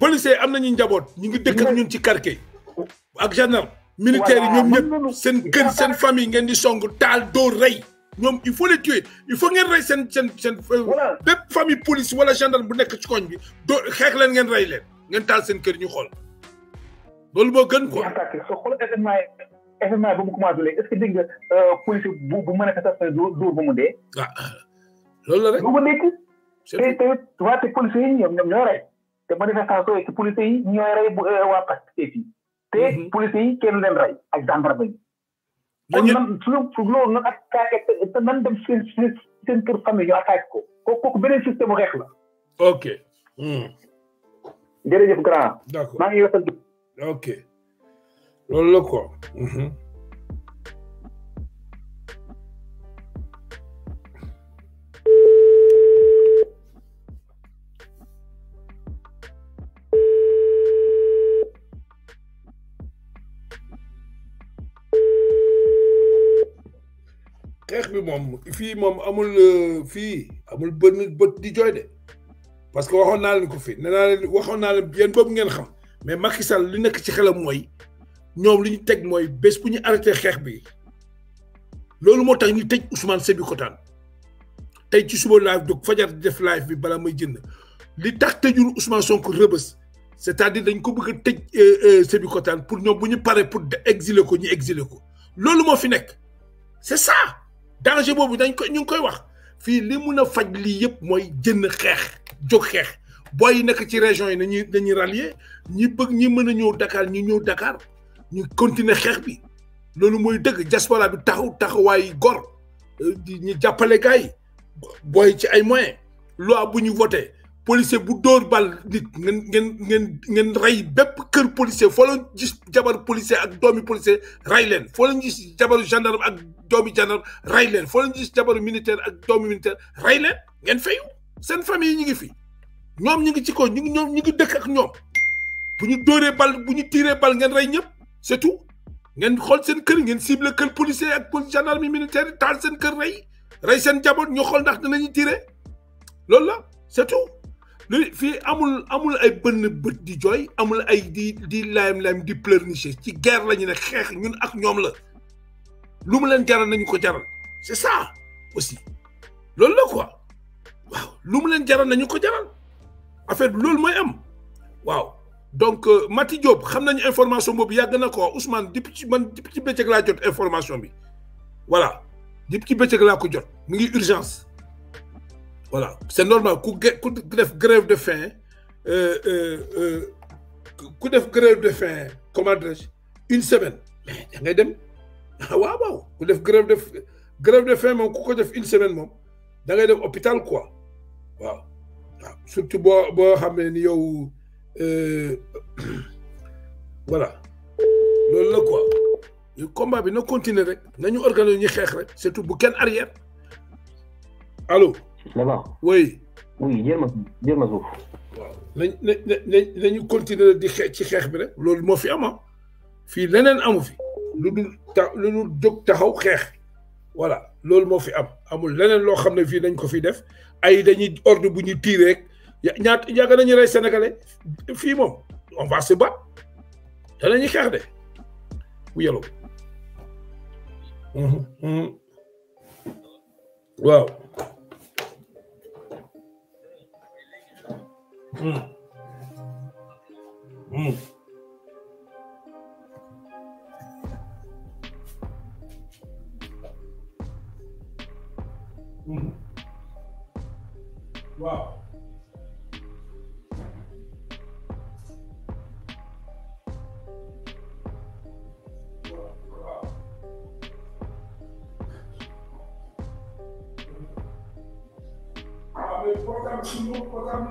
policiers am nañu njaboot ñu ngi dëkk ak ñun ci quartier ak gendarme militaires yi ñoom ñëpp seen kër seen famille ngeen di song taal doo rey ñoom il faut les tuer il faut ngeen rey seen seen seen euh, bépp famille police wala gendarme bu nekk ci koñ bi doo xeex leen ngeen rey leen ngeen taal seen kër ñu xool loolu boo gën quoi. événement ba mu commencé léegi est-ce que dégg nga euh, police bu bu mën a ko sax dóor ba mu dee. ah loolu la rek. bu mu nekk. te te waa te policiers yi ñoom ñoom te manifestation yi ci police yi ñooy rey bu euh, waa Pastef yi te mhm. police yi kenn leen rey ak gendarme yi kon nan su loolu nan attaqué te nan dem seen seen kër famille ñu attaqué ko kooku kooku beneen système xeex la ok hmm. jërëjëf grand maa ngi yosal ok loolu la ko bi moom fii amul euh, fii amul bët di parce que waxoon naa leen ko fi nee naa leen waxoon naa leen yéen xam mais Macky Sall li nekk ci xelam mooy ñoom li ñu teg mooy bés bu ñu arrêté xeex bi loolu moo ñu tëj Ousmane Sébikotane tey ci suba live donc fajar def live bi bala may jënd li tax Ousmane Sonko rëbës c'est-à-dire dañ ko bëgg a tëj euh, euh, pour ñoom bu ñu paree pour exiler ko ñu exiler ko loolu moo fi nekk c'est ça. danger boobu dañ ko ñu ngi koy wax fii li mun a faj lii yëpp mooy jënn xeex jóg xeex booy yi nekk ci région yi nañuy dañuy rallier ñi bëgg ñi mën a ñëw Dakar ñu ñëw Dakar ñu continuer xeex bi loolu mooy dëgg diaspora bi taxaw taxawaayu gor euh, ñu jàppale gars yi booy ci ay moyens loi bu ñu voté policier bu dóor bal nit ngeen ngeen ngeen ngeen rey bépp kër policier foo leen gis jabar policier ak doomi policier rey leen foo leen gis jabaru gendarme ak doomi janar rey leen foo leen gis jabaru militaire ak doomi militaire rey leen ngeen fayu seen famille ñi ngi fi ñoom ñi ngi ci kaw ñu ngi ñoom ñi ngi dëkk ak ñoom bu ñu dóoree bal bu ñu tiiree bal ngeen rey ñëpp c'est tout ngeen xool seen kër ngeen ciblé kër policier ak gendarme militaire taal seen kër rey rey seen jaboot ñu xool ndax dinañu tiiree loolu la c'est tout fii amul amul ay bënn bët di jooy amul ay di di layam-layam di pleurnicher ci guerre la ñu ne xeex ñun ak ñoom la c'est ça aussi C'est la quoi waaw ça, mu leen donc euh, Mati Diop xam une information boobu Ousmane depuis information voilà depuis ko urgence voilà c'est normal ku grève de faim euh, euh, ku grève de faim comment une semaine mais da waaw waaw ku def grève de grève de faim moom ku ko def une semaine moom da ngay dem hôpital ko waaw waaw surtout boo boo xam ne ni yow euh, voilà loolu la ko ñu combat bi na continuer rek nañu organiser ñu xeex rek surtout bu kenn arrière allo. ça va. oui. oui jël ma jël nañu continuer di xeex ci xeex bi rek loolu moo fi ama ah. fii leneen amu fi. lu voilà loolu moo fi am amul leneen loo xam ne fii dañ ko fi def ay ordre sénégalais fii on va se battre danañu xeex de Hum. Uau! portable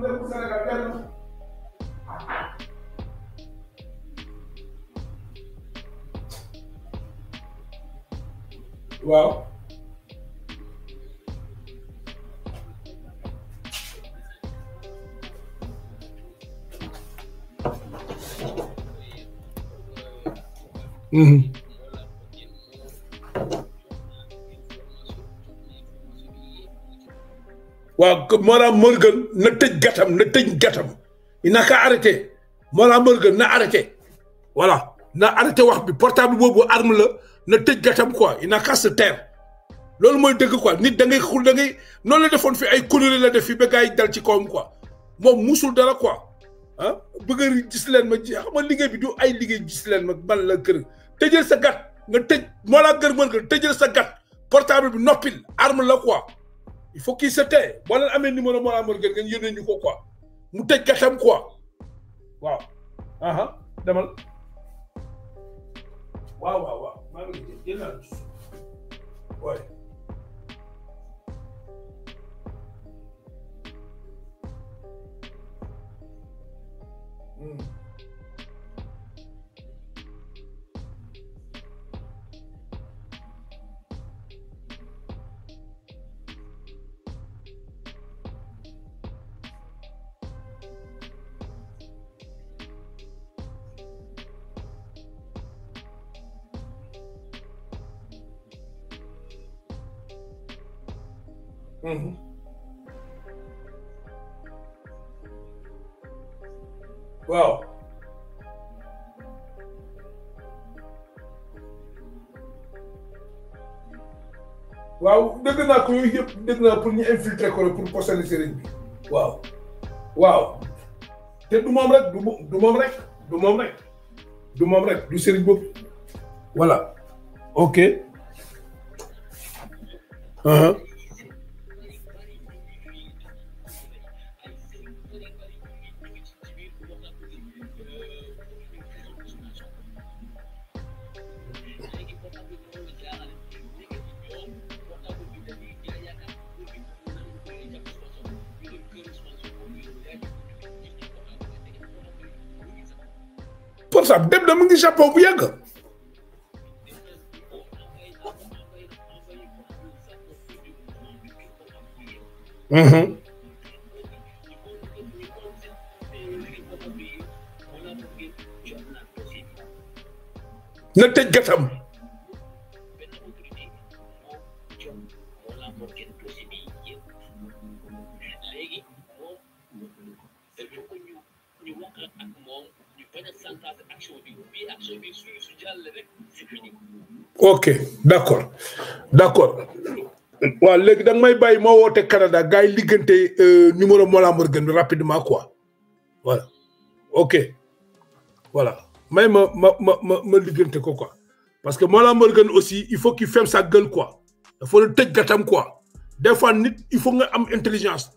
Uh -huh. waaw Mollah Morgun na tëj gàttam na tëj gàttam na ka arrêté Mollah Morgun na arrêté voilà na arrêté wax bi portable boobu arme la na tëj gàttam ko il n'a qu'à se loolu mooy dëgg quoi ni da ngay xul da ngay noonu la defoon fi ay coloré la def fi ba gars yi dal ci kawam quoi moom musul dara quoi ah bëgg a gis leen ma ji xam liggéey bi du ay liggéey gis leen ma ban la kër. tëjël sa gat nga tëj moo laa gën mën nga tëjël sa gat portable bi noppil arme la quoi il faut qu'il se tait boo leen amee numéro moo laa mën gën ngeen yónnee ñu ko quoi mu tëj gatam quoi waaw aha demal waaw waaw waaw maa ngi Mm-hmm. Well, waaw not naa ko yooyu yëpp dégg naa pour ñu infiltrer ko la pour posane sëriñ bi waaw waaw te du moom rek du moom rek du moom rek du moom rek du sëriñ boobu voilà ok. Uh-huh. sabe? Dem da mu ngi Japon bu yàgg. na ok d'accord d'accord waaw légui da nga may bàyyi Canada gars liguenté euh numéro Mollah Morgan rapidement quoi voilà ok voilà may ma ma ma ma ma liggante ko quoi parce que la Morgan aussi il faut qu'il ferme sa gueule quoi faut le tëj gatam quoi des fois nit il faut nga am intelligence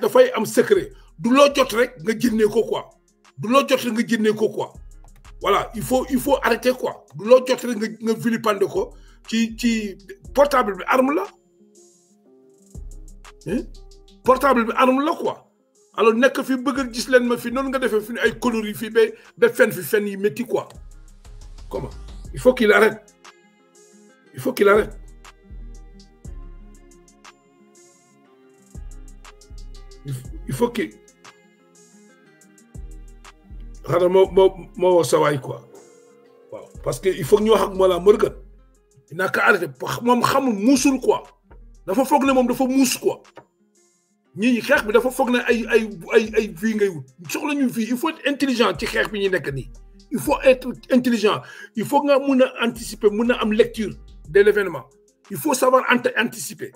da fay am secret du lo jot rek nga génnee ko quoi du lo jot nga génnee ko quoi voilà il faut il faut arrêter quoi L'autre ne ne nga nga vilipande ko qui portable arme hein? portable arme là quoi alors nek fi pas gis ma fi non nga pas fi ay fi quoi comment il faut qu'il arrête il faut qu'il arrête il faut qu'il xanaa mo mo mo woo sawaay quoi waaw parce que il faut ñu wax ak la Morgun dinaa ka arrêté mom xam musul quoi dafa fogné mom moom dafa mus quoi ñi xex bi dafa foog ne ay ay ay ay vie ngay wut soxla ñu vie il faut être intelligent ci xex bi ñi nek ni il faut être intelligent il faut nga mëna anticiper mëna am lecture de l'événement il faut savoir anticiper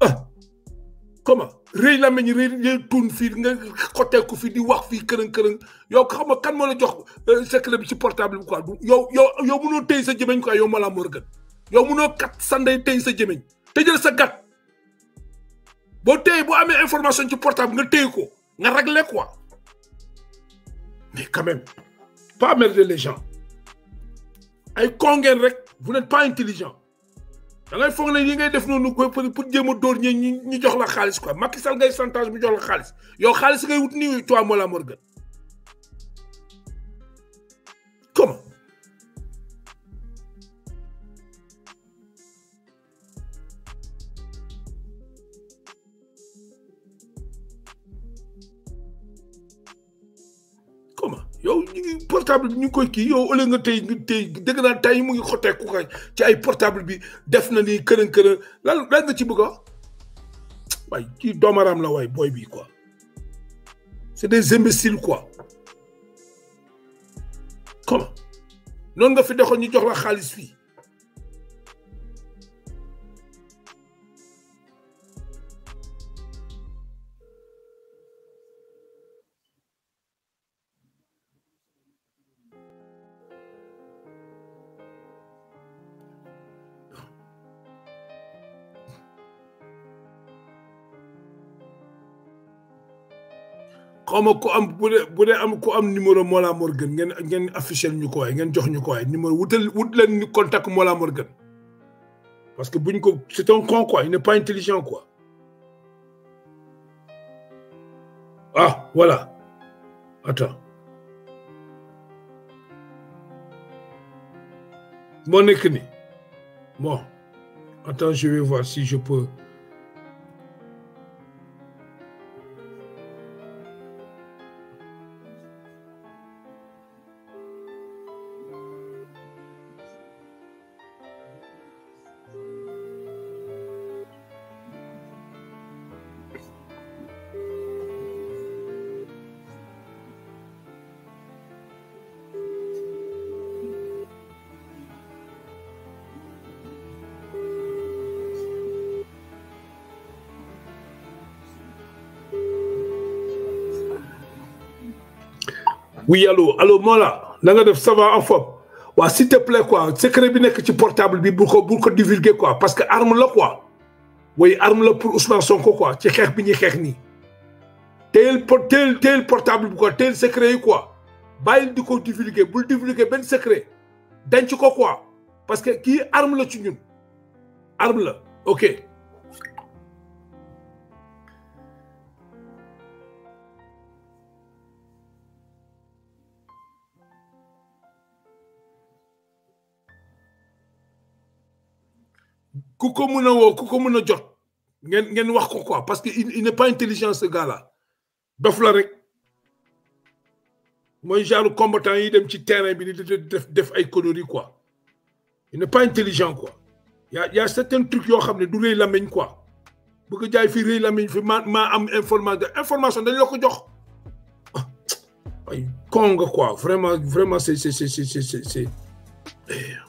ah comment rëy la meñ rëy yëy tuun fii nga di wax fi kërën kërën yow xam nga kan mo la jox euh, secret ci portable bi quoi yow yow yow tey sa jëmeñ quoi yow yow kat sanday tey sa jëmeñ sa gat bo tey bo information ci portable nga tey ko nga quoi mais quand même pas merder les gens ay kongen rek vous n'êtes pas intelligent da ngay foog ne yi ngay def noonu ko pour jéem a dóor ñi ñu jox la xaalis quoi Macky Sall ngay chantage mu jox la xaalis yow xaalis ngay wut nii toi Mollah Morgun comment yow portable bi ñu koy kii yow ëllëg nga tey tey dégg naa mu ngi ku kay ci ay portable bi def na ni kërën kërën lan lan nga ci bëgg a wax waaye kii la waay boy bi quoi c'est des imbéciles quoi comment noonu nga fi doxoon ñu jox la xaalis fii xaw ma ku am bu dee am am numéro Mola Morgan, ngeen ngeen affiché ñu ko waay ngeen jox ñu ko numéro wutal wut ni contact Mola Morgan, parce que buñ ko c'est un con quoi il n'est pas intelligent quoi ah voilà attends Mon écran. bon attends je vais voir si je peux oui allo allo Mollah na nga def ça en forme s'il te plaît quoi secret bi que ci portable bi bul ko divulguer quoi parce que arme la quoi oui arme la pour Ousmane Sonko quoi ci xeex bi ñuy xeex ni. Tel, tel tel portable quoi tel secret quoi bail du coup divulguer boule divulguer ben secret denc quoi parce que qui arme la tu ñun arme la ok ku ko mën a woo ku ko mën a jot ngeen ngeen wax ko quoi parce que il n'est pas intelligent ce gars là dof la rek mooy genre combattant yi dem ci terrain bi di def def ay conneries quoi il n'est pas intelligent quoi y a y a certains trucs yoo xam ne du rëy làmmiñ quoi bëgg a jaay fii rëy làmmiñ fi ma am information information dañ la ko jox ah, ay kong quoi vraiment vraiment c'est c'est c'est c'est c'est eh.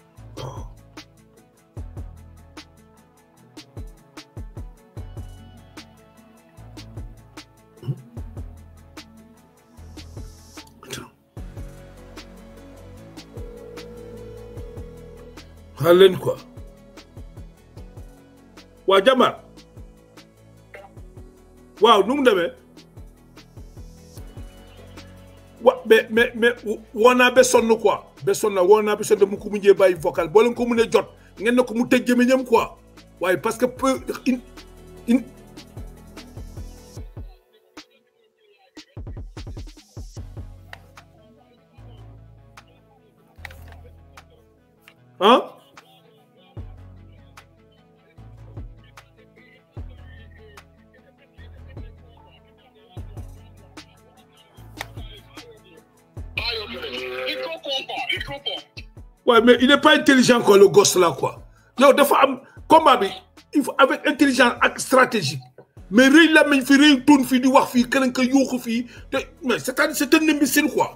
xaar leen quoi waa jàmbaar waaw nu mu demee wa mais mais mais woo naa ba sonn quoi ba sonn woo naa ba sonn mu ko mujjee bàyyi vocal boo leen ko mënee jot ngeen ne ko mu tëj gémmiñam quoi waaye parce que une mais il n'est pas intelligent, quoi, le gosse là, quoi. non combat il faut avec intelligence et stratégique mais il fi tout di mais cest un imbécile quoi.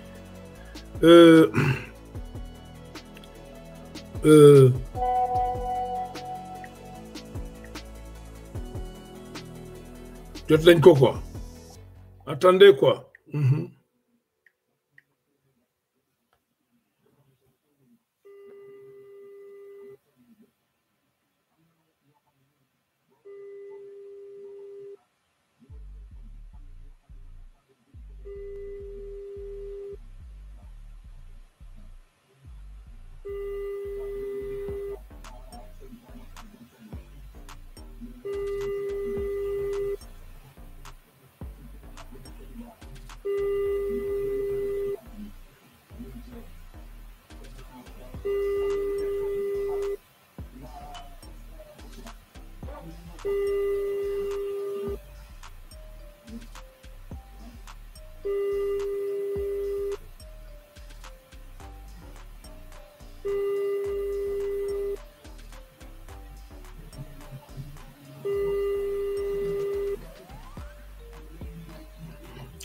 Euh, euh, euh Jotlen quoi Attendez quoi. Mm -hmm.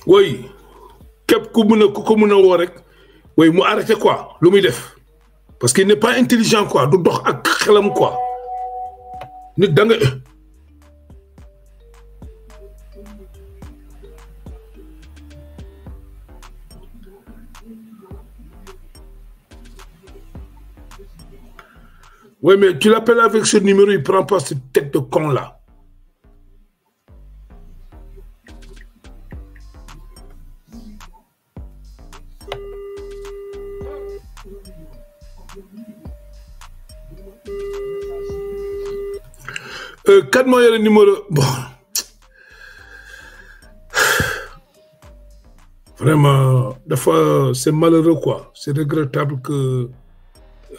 Oui, kep ku mën a ko a rek way mu arrêté quoi lu def parce qu'il n'est pas intelligent quoi du dox ak xelam quoi nit da nga eh. Oui, mais tu l'appelles avec ce numéro, il prend pas cette tête de con là. y numéro vraiment dafa c'est malheureux quoi c'est regrettable que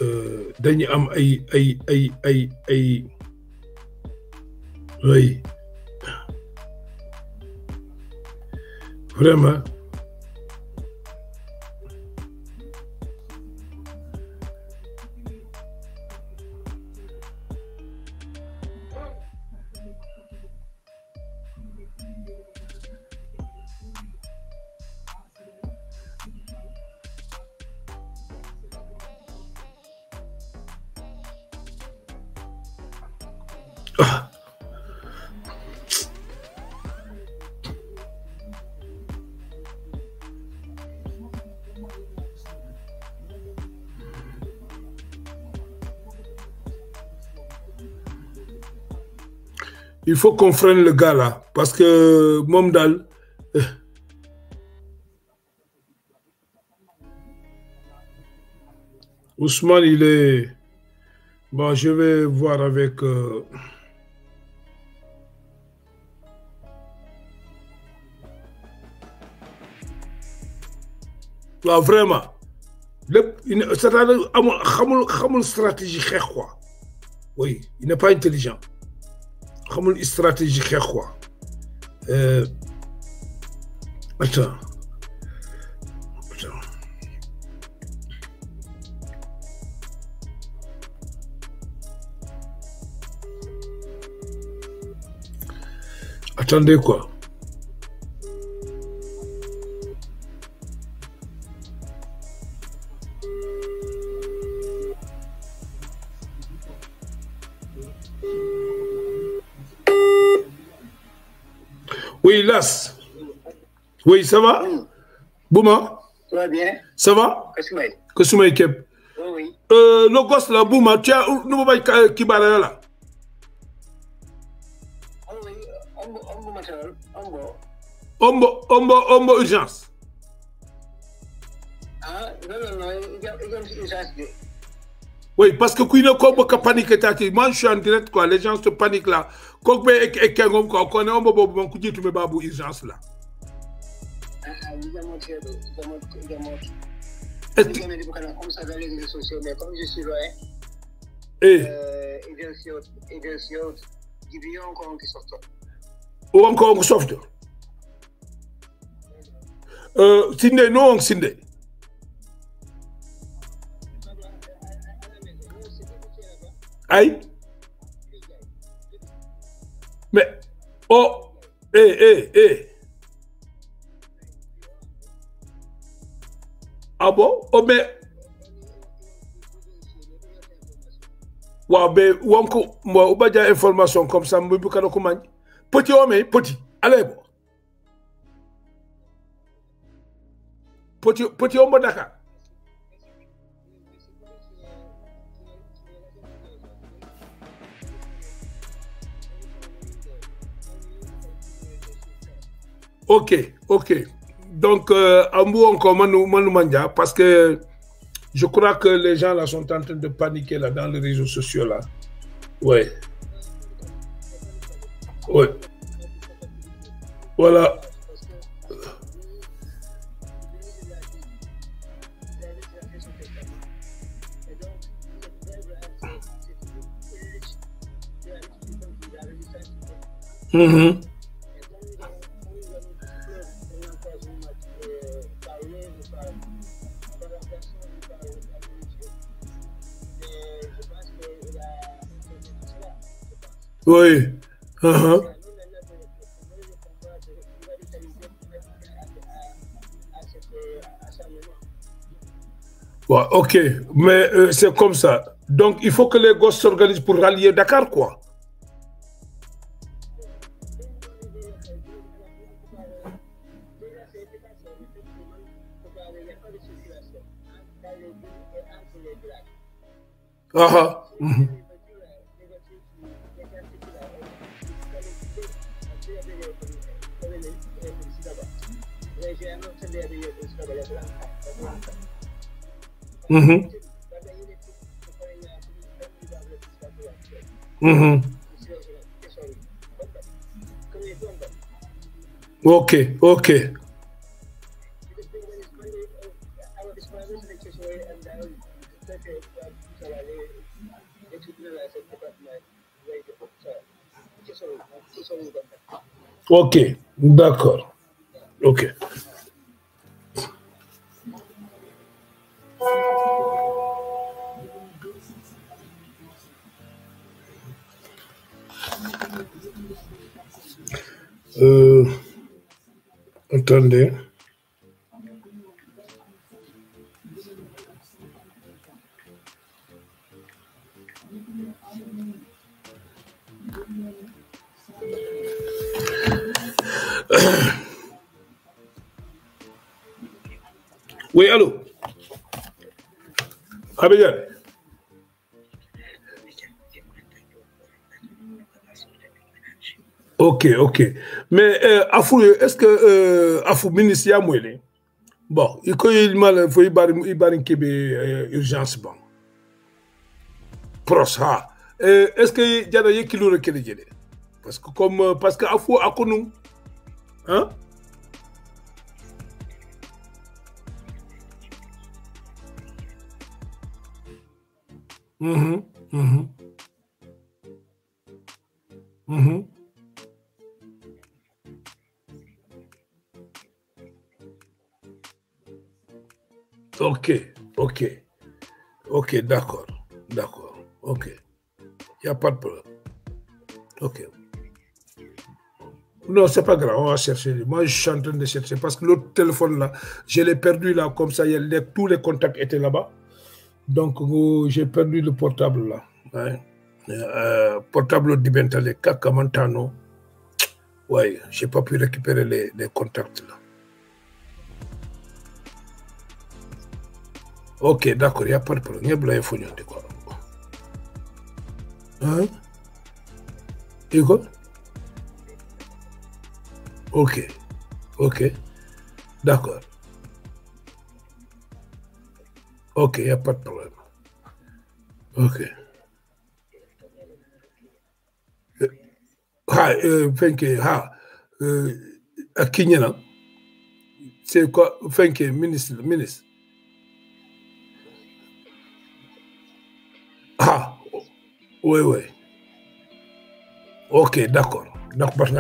euh, am aïe aïe aïe aïe vraiment il faut qu'on freine le gars là parce que Momdal... Euh, Ousmane il est bon je vais voir avec euh... vraiment cest stratégie quoi oui il n'est pas intelligent خمون استراتيجي يا خوا أه... أتا أتا أتا أتا Oui, ça va Bouma Ça va bien Ça va Kosumaï Kep. Oui, oui. Euh, le gosse là, Bouma, tu as nouveau pas euh, qui balade là Oui, Ombo matériel, Ombo. Ombo, Ombo, Ombo urgence. Ah, non, non, non, il y a il y a urgence. Oui, parce que Kouine Kombo qui panique, moi je suis en direct, quoi, les gens se paniquent là. Kokbe et Kengom, quoi, on est en bobo, on dit tu me babou urgence là. Ah, eh. oui, comme ça, les réseaux sociaux, mais comme je suis loin, et bien sûr, et bien sûr, il y a encore un qui sort. Ou encore un qui sort. Euh, Sindé, non, Sindé. Aïe. Mais, oh, eh, eh, eh. Ah bon? Oh, mais. Ouais, moi, ou information comme ça, moi, que no Petit homme, petit, allez, bon. Petit, petit homme, d'accord. Ok, ok donc, euh, mot encore Mandia, parce que je crois que les gens là sont en train de paniquer là dans les réseaux sociaux là. Ouais. Ouais. Voilà. hum. Oui. Uh Ouais, ok, mais euh, c'est comme ça. Donc, il faut que les gosses s'organisent pour rallier Dakar, quoi. Ah Mm-hmm. Mm-hmm. Okay, okay. Ok, d'accord. Wait, there. How allô you? ok ok mais euh, Afou, afu est-ce que euh, Afou, afu ministre bon il mal fo Il ibari euh, urgence bon ah. euh, est-ce que jada parce que comme parce que afu nous hein mm-hmm, mm-hmm. Ok, d'accord. D'accord. Ok. Il n'y a pas de problème. Ok. Non, c'est pas grave, on va chercher. Moi, je suis en train de chercher parce que l'autre téléphone là, je l'ai perdu là, comme ça, tous les contacts étaient là-bas. Donc, j'ai perdu le portable là. Hein. Euh, portable d'Ibentale, Kakamantano. Ouais, j'ai pas pu récupérer les contacts là. Ok, d'accord, il n'y a pas de problème. Il y a de fouilles. Hein? Et quoi? Ok, ok, d'accord. Ok, il n'y a pas de problème. Ok. Ha, euh, ah, euh, fenke, ha, a Kinyana, c'est quoi, fenke, ministre, ministre. Ah, oui, oui. Ok, d'accord. Donc, vais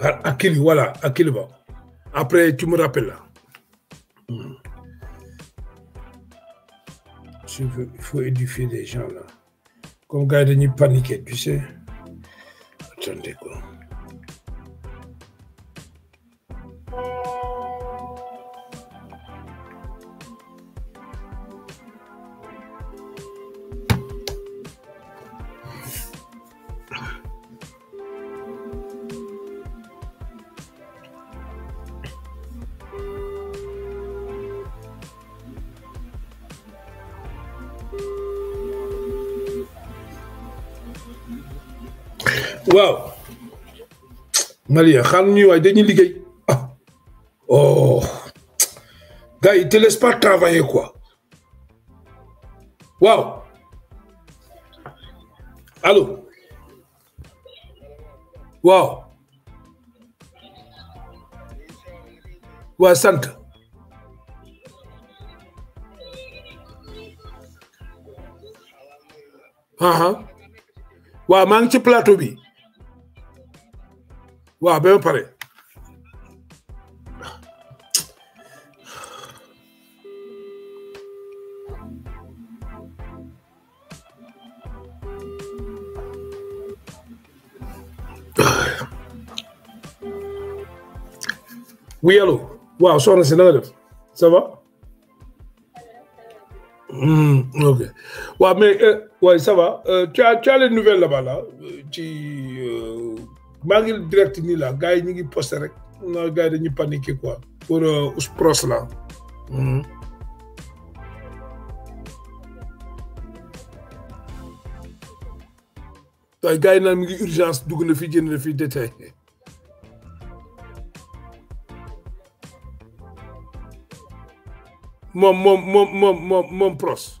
à Akili, voilà, Akili va. Après, tu me rappelles là. Hmm. Il faut édifier les gens là. Comme garde ni paniquer, tu sais. Attendez quoi. malien xaaral ñuy waay dañuy liggéey ah oh yi te laisse pas travailler quoi waaw allo waaw waa sant aha ah. waaw maa ngi ci plateau bi Ou ben pareil Oui, allô. Wow, soir, c'est l'heure. Ça va? Mm, ok. Ouais, mais, euh, ouais, ça va. Euh, tu, as, tu as les nouvelles là-bas, là? Euh, tu, euh... maa ngi direct nii la gars yi ñu ngi posté rek na gars yi dañuy paniqué quoi pour euh, Ouspross la waaye hmm. gars yi naan mi ngi urgence dugg na fi jënd na fi détail moom moom moom moom moom moom Pross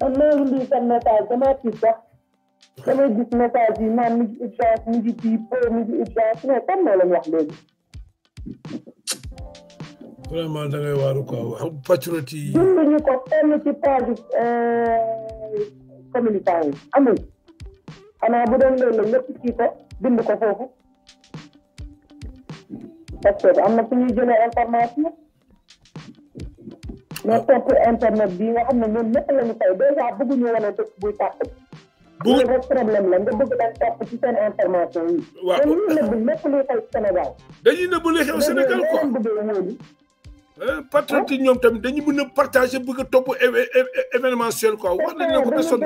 man maa ngi lii sa message damaa ci sax damay gis message yi naan mi ngi urgence mi ngi kii po mi ngi urgence mais comme moo leen wax léegi. vraiment da ngay waaru quoi patriote yi. dunduñu ko fenn ci page euh, communicant yi amul xanaa bu doon loolu la ñëpp kii ko bind ko foofu parce que am na fu ñuy jëlee information. mais ah. contre internet bi nga xam ne ñun ñëpp la ñu tey dèjà bëgguñu wane dëkk buy tàpp. bu loolu rek problème la nga bëgg leen topp ci seen information yi. waaw kon ñun nëbb lépp luy xew Sénégal. dañuy nëbb luy xew Sénégal quoi eh, patriote yi ñoom tamit dañu mën a partager bëgg a topp événementiel quoi wax nañ la ko ba sonn.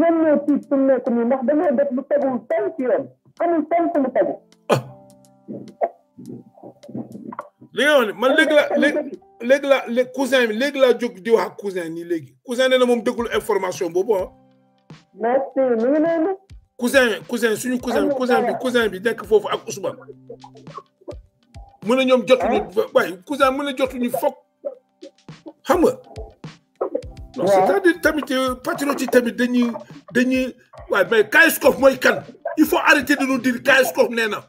ñoom ñoo tiit fi mu nekk nii ndax dañoo def lu tegu fenn ci yoon amul fenn fu mu tegu. Ah. li nga wax ne man léegi la léegi la léegi cousin bi léegi laa jóg di wax cousin nii léegi cousin nee na moom déglu information boobu ah. merci mu cousin suñu cousin cousin bi cousin bi nekk foofu ak Ousmane. mën na ñoom jotuñu waaye cousin mën na jotuñu foog xam nga. non c'est-à-dire tamit euh, patriote yi tamit dañuy dañuy waaye mais Kayz Kof mooy kan il faut arrêter de nous dire Kayz Kof nee na.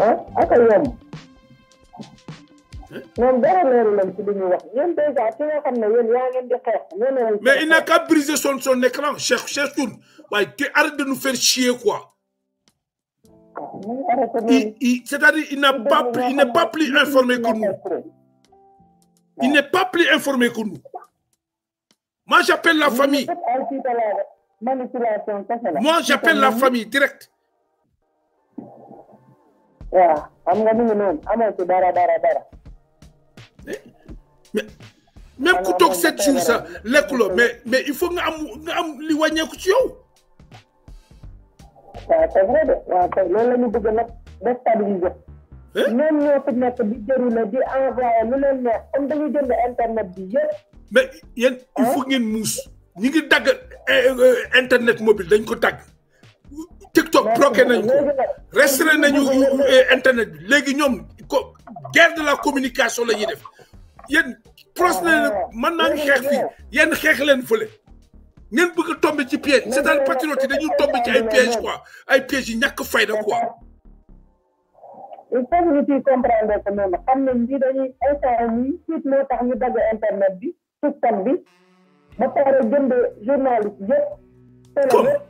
Hmm? mais il n'a qu'à briser son son écran Cheikh Cheikh tu arrête de nous faire chier quoi ah, c'est-à-dire il n'a pas il n'est pas plus informé que nous il n'est pas plus informé que nous moi j'appelle la famille moi j'appelle la famille direct waaw xam nga ni noonu amoo ci dara dara dara. mais même ku toog sept jours sax lekkuloo mais mais il faut nga am nga am li wàññeeku ci yow. waaw c'est vrai de waaw kay loolu la ñu bëgg nag déstabiliser. Eh? ñoom nekk di déroulé di envoyé lu leen neex comme dañuy jënd internet bi yëpp. mais yéen il faut ngeen muus ñi ngi dagg eh, eh, internet mobile dañ ko dagg. TikTok bloqué nañu ko restreint nañu internet bi léegi ñoom ko guerre la communication la ñuy def yéen pros ah, na ah, ah. mën naa ngi xeex fii yéen xeex leen fële ngeen bëgg a tombé ci piège c'est-à-dire patriote yi dañuy tombé ci ay piège quoi ay piège yi ñàkk fayda quoi il faut que ñu comprendre tax ñu dagg internet bi TikTok bi ba pare jënd journaliste yëpp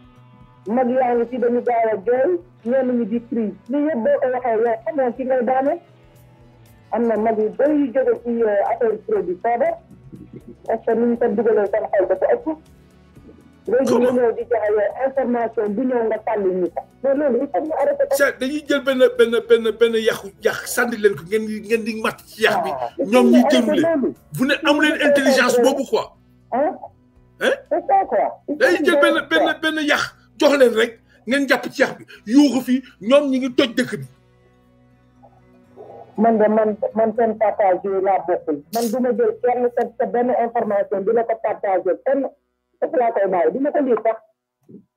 mag yaa ngi ci dañu gaaw a jooy ñenn ñi di crise lii yëpp boo ko waxee yow xamoon ci ngay daane am na mag yu bëri yu jóge ci euh, affaire produit parce que ni ñu ko dugalee seen xol dafa ëpp ñu ñëw di joxe yow information bu ñëw nga sànni ñu benn benn benn benn yàqu yàq sànni leen ko ngeen ngeen di matt ci yàq bi ah, ñoom ñi jëlu leen ne amu intelligence boobu quoi hein c'est ça quoi benn benn jox leen rek ngeen jàpp ceex bi yuuxu fi ñoom ñi ngi toj dëkk bi. man de man man seen partage yi laa bokkul man du ma jël kenn sa sa benn information dina ko partager kenn foofu laa koy bàyyi dina ko lii sax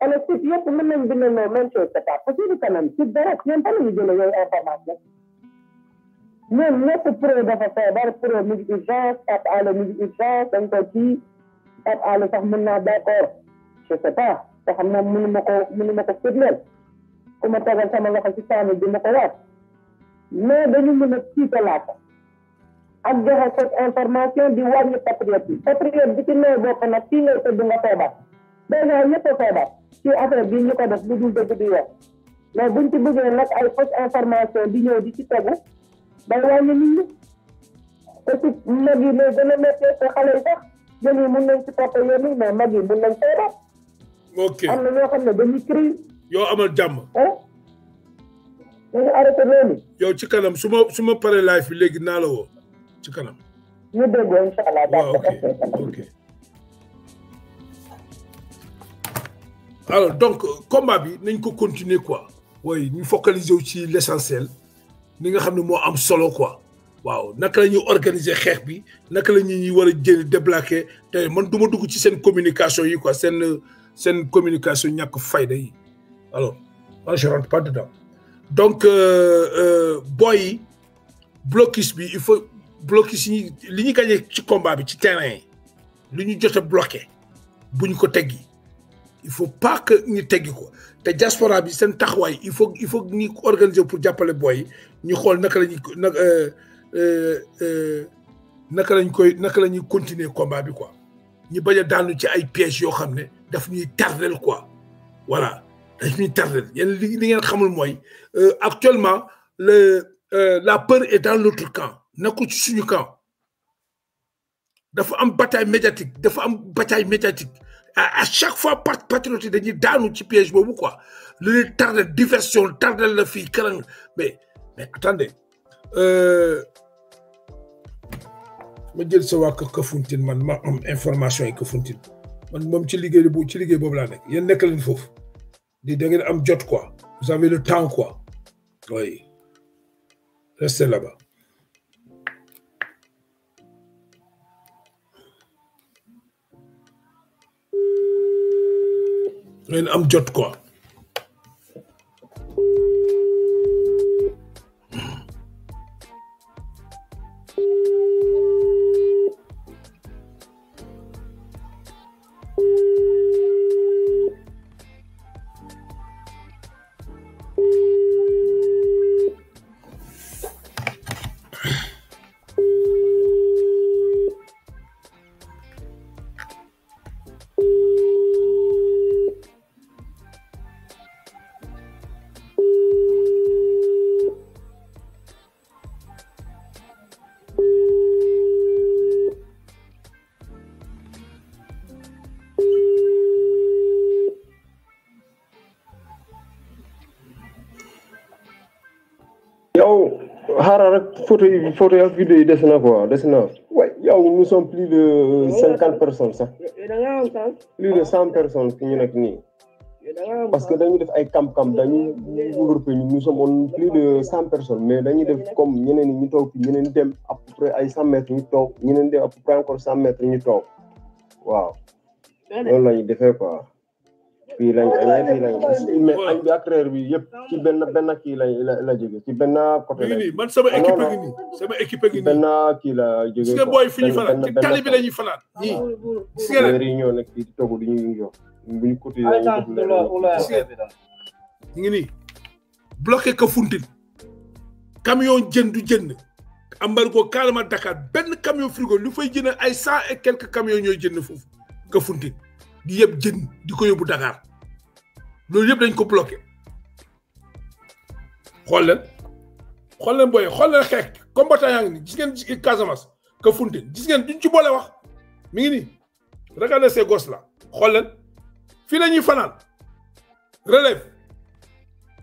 ana site yëpp mën nañ bind noo même chose que ça parce que kanam site dara ñoom fan ñu jëlee yooyu information ñoom ñëpp pro dafa feebar pro mu ngi urgence Pape Alé mu ngi urgence dañ ko kii Pape sax mën naa d' accord je sais pas te xam ne mënu ma ko mënu ma ko firndeel ku ma tegal sama loxo ci saami di ma ko waat mais dañu mën a tiitalaat ak joxe cette information di wàññi patriote yi patriote bi ci nooy bopp nag fii ngay tëdd nga feebar dèjà ñëpp feebar ci affaire bi ñu ko def lu dul dëgg di wax mais buñ ci bëggee nag ay fausse information di ñëw di ci tegu day wàññi nit ñi te mag yi gën a te xale yi sax yi nañ mais mag yi nañ feebar ok am na ñoo xam ne dañuy crise yoo amal jàmm ah yow ci kanam su ma su paree live bi léegi naa la woo ci kanam ñu déggoo waaw ok alors donc combat bi nañ ko continuer quoi woy ñu focaliser wu ci l' essentiel li nga xam ne moo am solo quoi waaw naka la ñuy organiser xeex bi naka la ñuy war a jël débloquer te man duma dugg ci seen communication yi quoi seen c'est une communication n'y a que faille alors moi je rentre pas dedans donc euh, euh, boy blocus il faut blocus li ñu gagné ci combat bi ci terrain li ñu jot bloqué buñ ko teggi il faut pas que ñu teggi ko te diaspora bi sen taxway il faut il faut ñu organiser pour jàppale boy ñu xool naka euh euh euh naka lañ koy naka la continuer combat bi quoi ñi baña a ci ay pièges yo xamné daf ñuy tardel quoi voilà daf ñuy tardel Il li a ngeen xamul euh actuellement le euh, la peur est dans l'autre camp nekkul ci suñu camp dafa am bataille médiatique dafa am bataille médiatique à chaque fois part patriote dañuy daanu ci piège boobu quoi li tardel diversion tardel la fi kalang mais mais attendez euh, ma jël sa waa Kafountine man ma am information yi Kafountine man moom ci liggéey bu ci liggéey boobu laa nekk yéen nekk leen foofu di da ngeen am jot quoi vous avez le temps quoi oui restez là-bas am jot quoi photo, vidéo de Dessena, quoi. Dessena. Ouais, yo, nous sommes plus de 50 personnes, ça. Plus de 100 personnes qui n'ont qu'une. Parce que nous sommes plus de 100 personnes. Mais nous sommes comme il y a une top, il à peu près à 100 mètres, Nous sommes a une à peu près encore 100 mètres, il y a une a quoi. fii lañ añee fii lañ mais añ bi ak bi yëpp ci benn benn kii la la jóge ci benn côté la man sama ah, équipe ngi nii sama équipe ngi nii benn kii la jóge gis nga booy fi ñu fanaan ci tali bi la ñuy fanaan ñii ah, gis nga reer yi ñoo nekk fii di togg di ñu jox bu ñu cotisé ñu ngi nii bloqué ko Foundiougne camion jën du jënd embargo carrément Dakar benn camion frigo lu fay jënd ay cent et quelques camions ñooy jënd foofu ka Foundiougne di yëpp jën di ko yóbbu Dakar lolou yeb dañ ko bloquer xool la xool la boy xool la xek combattant yaa ngi gis ngeen Casamass, ke ka gis ngeen duñ ci bolé wax mi ngi ni regardez ces gosses là xool la fi lañuy fanal relève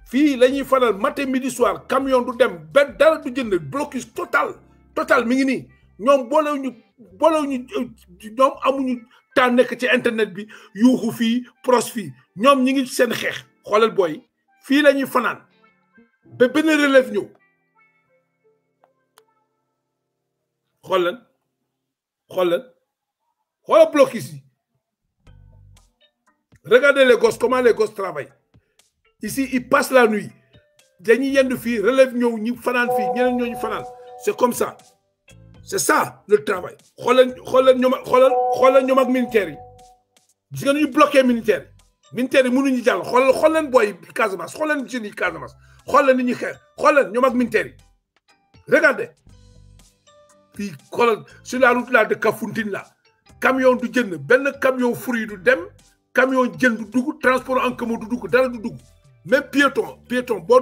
fi lañuy fanal matin midi soir camion du dem ben dara du jënd blocus total total mi ngi nii ñu boolewuñu ñu euh, ñoom amuñu tan nek ci internet bi yuuxu fii pros fii ñom ñi ngi seen xex xolal boy fi la ñuy be ba benn relève ñëw xoolal xol xoolal blocus yi regardez les gosses comment les gosses travaillent ici ils passent la nuit dañuy yendu fi relève ñew ñi fanan fii ñeneen ñu fanan. c'est comme ça c'est ça le travail Regardez les militaires. Ils ont bloqué les militaire gis nga bloqué militaire militaire les jeunes militaire regardez puis sur la route là de Kafountine là camion du jënd benn camion fruit du dem camion jën du transport en camion du dugg dans le dugg même piéton piéton boo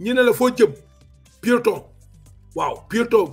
ne la foo piéton waaw piéton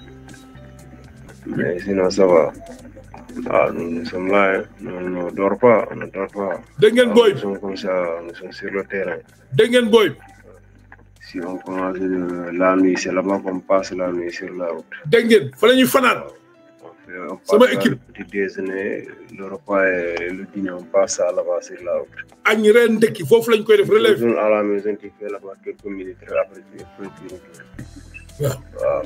mais sinon ça va waaw ah, nous nous sommes là on ne dort pas on ne dort pas. dégg ah, comme ça nous sommes sur le terrain. dégg ngeen booy. si on commence euh, la nuit c'est là-bas qu'on passe la nuit sur la route. dégg ngeen fa ñuy fanaan. sama équipe on passe le repas et le dîner on passe ça là sur la route. añ reer ndekki foofu lañ koy def relève. à la maison tu fais là-bas quelques minutes après tu es waaw.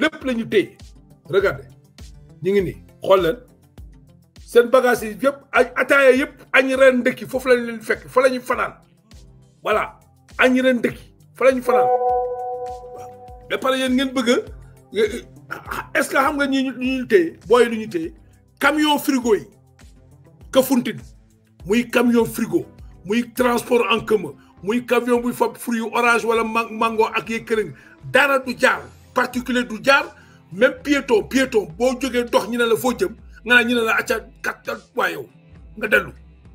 lépp la ñu téye regardez ñu ngi ni xool leen seen bagage yi yëpp ay ataaya yëpp añ ren ndëkki foofu lañ leen fekk fa la ñu fanaan voilà añ ren ndëkki fa la ñu fanaan waaw mais pare yéen ngeen bëgg ah, est-ce que xam nga ñi ñu ñu téye booy lu ñu téye camion frigo yi Kafountine muy camion frigo muy transport en commun muy camion buy fab fruit orange wala mango ak yee këriñ dara du jaar particulier du même piéton piéton bonjour jogé dox ñina la foo jëm nga ne la acca ce wayo nga dellu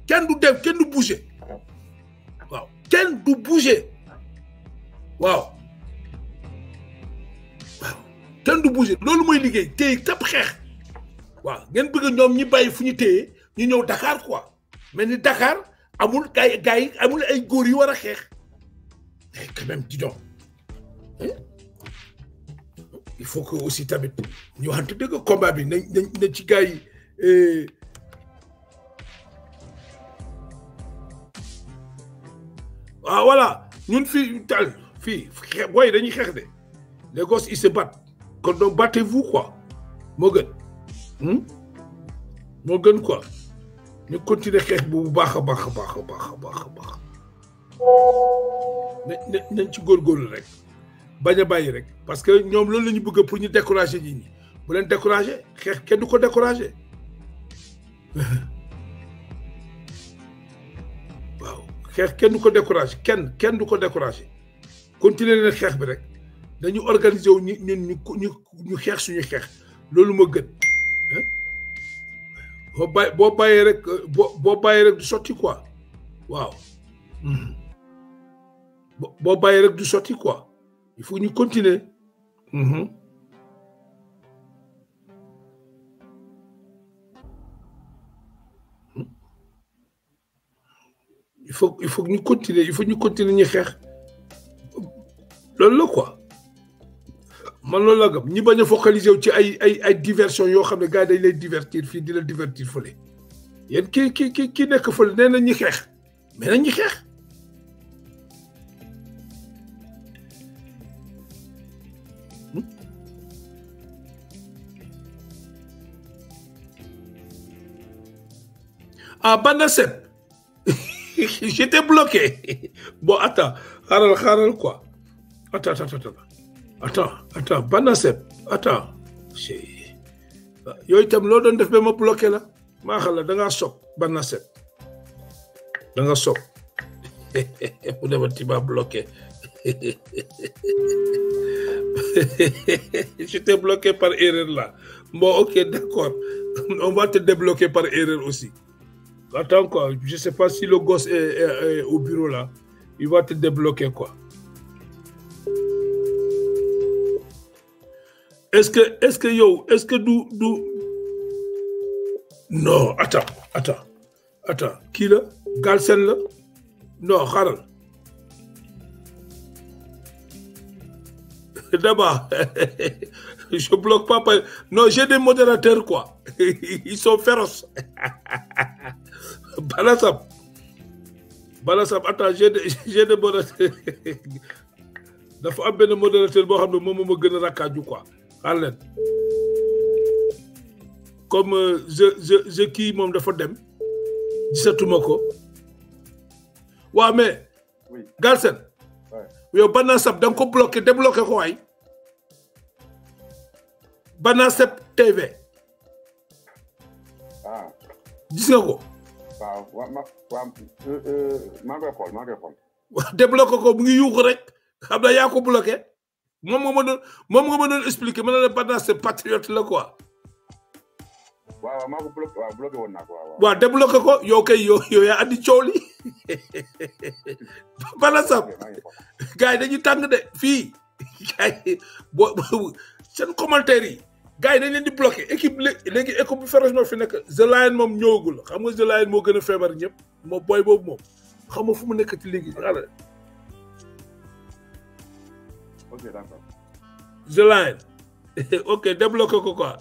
kenn du dem du bouger waaw kenn du bouger waaw kenn du bouger lolu moy liggéey té tap waaw ngeen bëgg ñom ñi ñu ñëw Dakar quoi mais Dakar amul gaay amul ay quand même dis donc hein? il faut que aussi tamit ñu waxante combat bi ci gars eh. ah voilà nous sommes. tal dañuy les gosses ils se battent Quand donc battez-vous quoi Morgan hmm? gën quoi nous continuer à bu parce que nous loolu lañu bëgg pour nous décourager ñi bu décourager xex kenn nous ko décourager waaw xex kenn du ko décourager nous kenn du ko décourager continuer nous xex bi rek dañu organiser wu ñu ñu suñu loolu gën du quoi waaw hmm. du quoi il faut ñu continuer. Mm-hmm. il faut il faut que ñu continuer il faut ñu continuer ni xeex loolu la quoi man loolu la gëm ñi focaliser wu ci ay ay ay diversion yoo xam ne gars yi divertir fii di la divertir fële yéen ki ki ki ki nekk fële nee na ñi xeex mais na ñi xeex. Ah, Banasep. J'étais bloqué. Bon, attends. Haral, quoi Attends, attends, attends. Attends, attends. Banasep. Attends. Yo, itam, l'autre, on devait me bloquer là. Ma chala, d'un sop. Banasep. D'un sop. Vous n'avez pas bloqué. J'étais bloqué par erreur là. Bon, ok, d'accord. On va te débloquer par erreur aussi. Attends quoi, je sais pas si le gosse est, au bureau là, il va te débloquer quoi. Est-ce que, est-ce que yo, est-ce que nous, Non, attends, attends, attends. Qui là Galsen là Non, Harald. D'abord, je bloque pas. Non, j'ai des modérateurs quoi. Ils sont féroces. Bala Sam Bala Sam attends j'ai j'ai de dafa am benn modérateur boo xam ne moom moo gën a rakkaaju quoi xaar leen comme euh, je je kii moom dafa dem gisatuma ko waaw mais. oui Galsen. Bana Sam da nga ko bloqué débloqué ko waay Bana Sam TV. Ah. gis nga ko. waaw waaw ma waaw euh, euh, maa ngi koy xool maa ngi koy xool. débloqué ko mu ngi yuuxu rek xam na yaa ko bloqué moom nga ma doon moom nga ma doon expliqué ma ne la Banda c'est patriote la quoi. waaw waaw maa ko bloqué waaw bloqué woon naa ko waaw. waaw débloqué ko yow kay yow yow yaa andi coow li Banda Samb gars yi dañuy tàng de fii gars yi boo seen commentaire yi. gars yi dañ leen di bloqué équipe léegi équipe bu féroce moo fi nekk The Lion moom ñëwagul xam nga The Lion moo gën a feebar ñëpp moo booy boobu moom xam nga fu mu nekk ci léegi xala ok d'accord The Lion ok débloqué ko quoi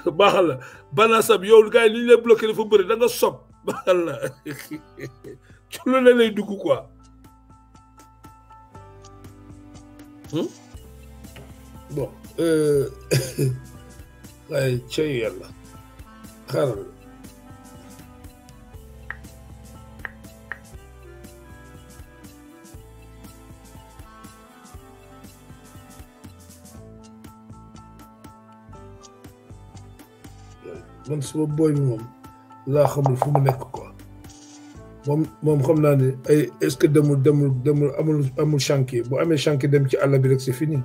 baax la bana sab yow gars yi li ñu lay bloqué dafa bëri da nga sob baax la ci lu lay dugg quoi هم؟ بون طيب شيء يلا خرب منصب بوي مهم لا خمل فم لك mom moom xam naa ne ay est-ce que demul demul demul amul amul chantier bu amee chantier dem ci àll bi rek c'est fini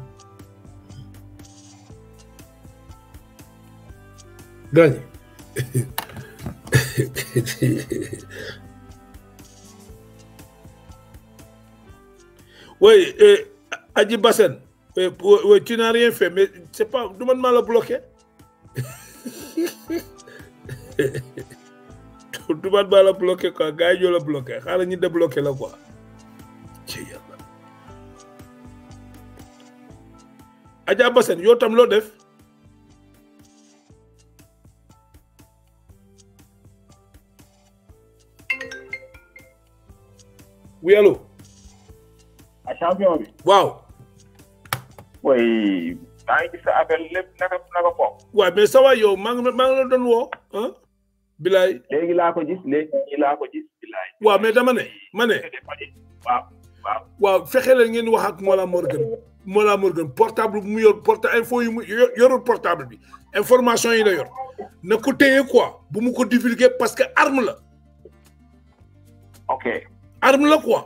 gaañ oui Adji Bassen oui tu n'as rien fait mais c'est pas du man maa bloqué tubaab baa la bloqué quoi gars yi ñoo la bloqué xaaral ñu débloqué la quoi ci yàlla Adja Bassène tam loo def oui a ah, champion bi waaw way maa ngi gis maa ngi maa ngi la doon woo bilaay léegi laa ko gis léegi laa leen ngeen wax ak Mollah Morgan Mollah Morgan portable bu mu yor portable bi information yi la yor na ko téye quoi bu mu ko divulguer parce que arme la. ok. arme la quoi.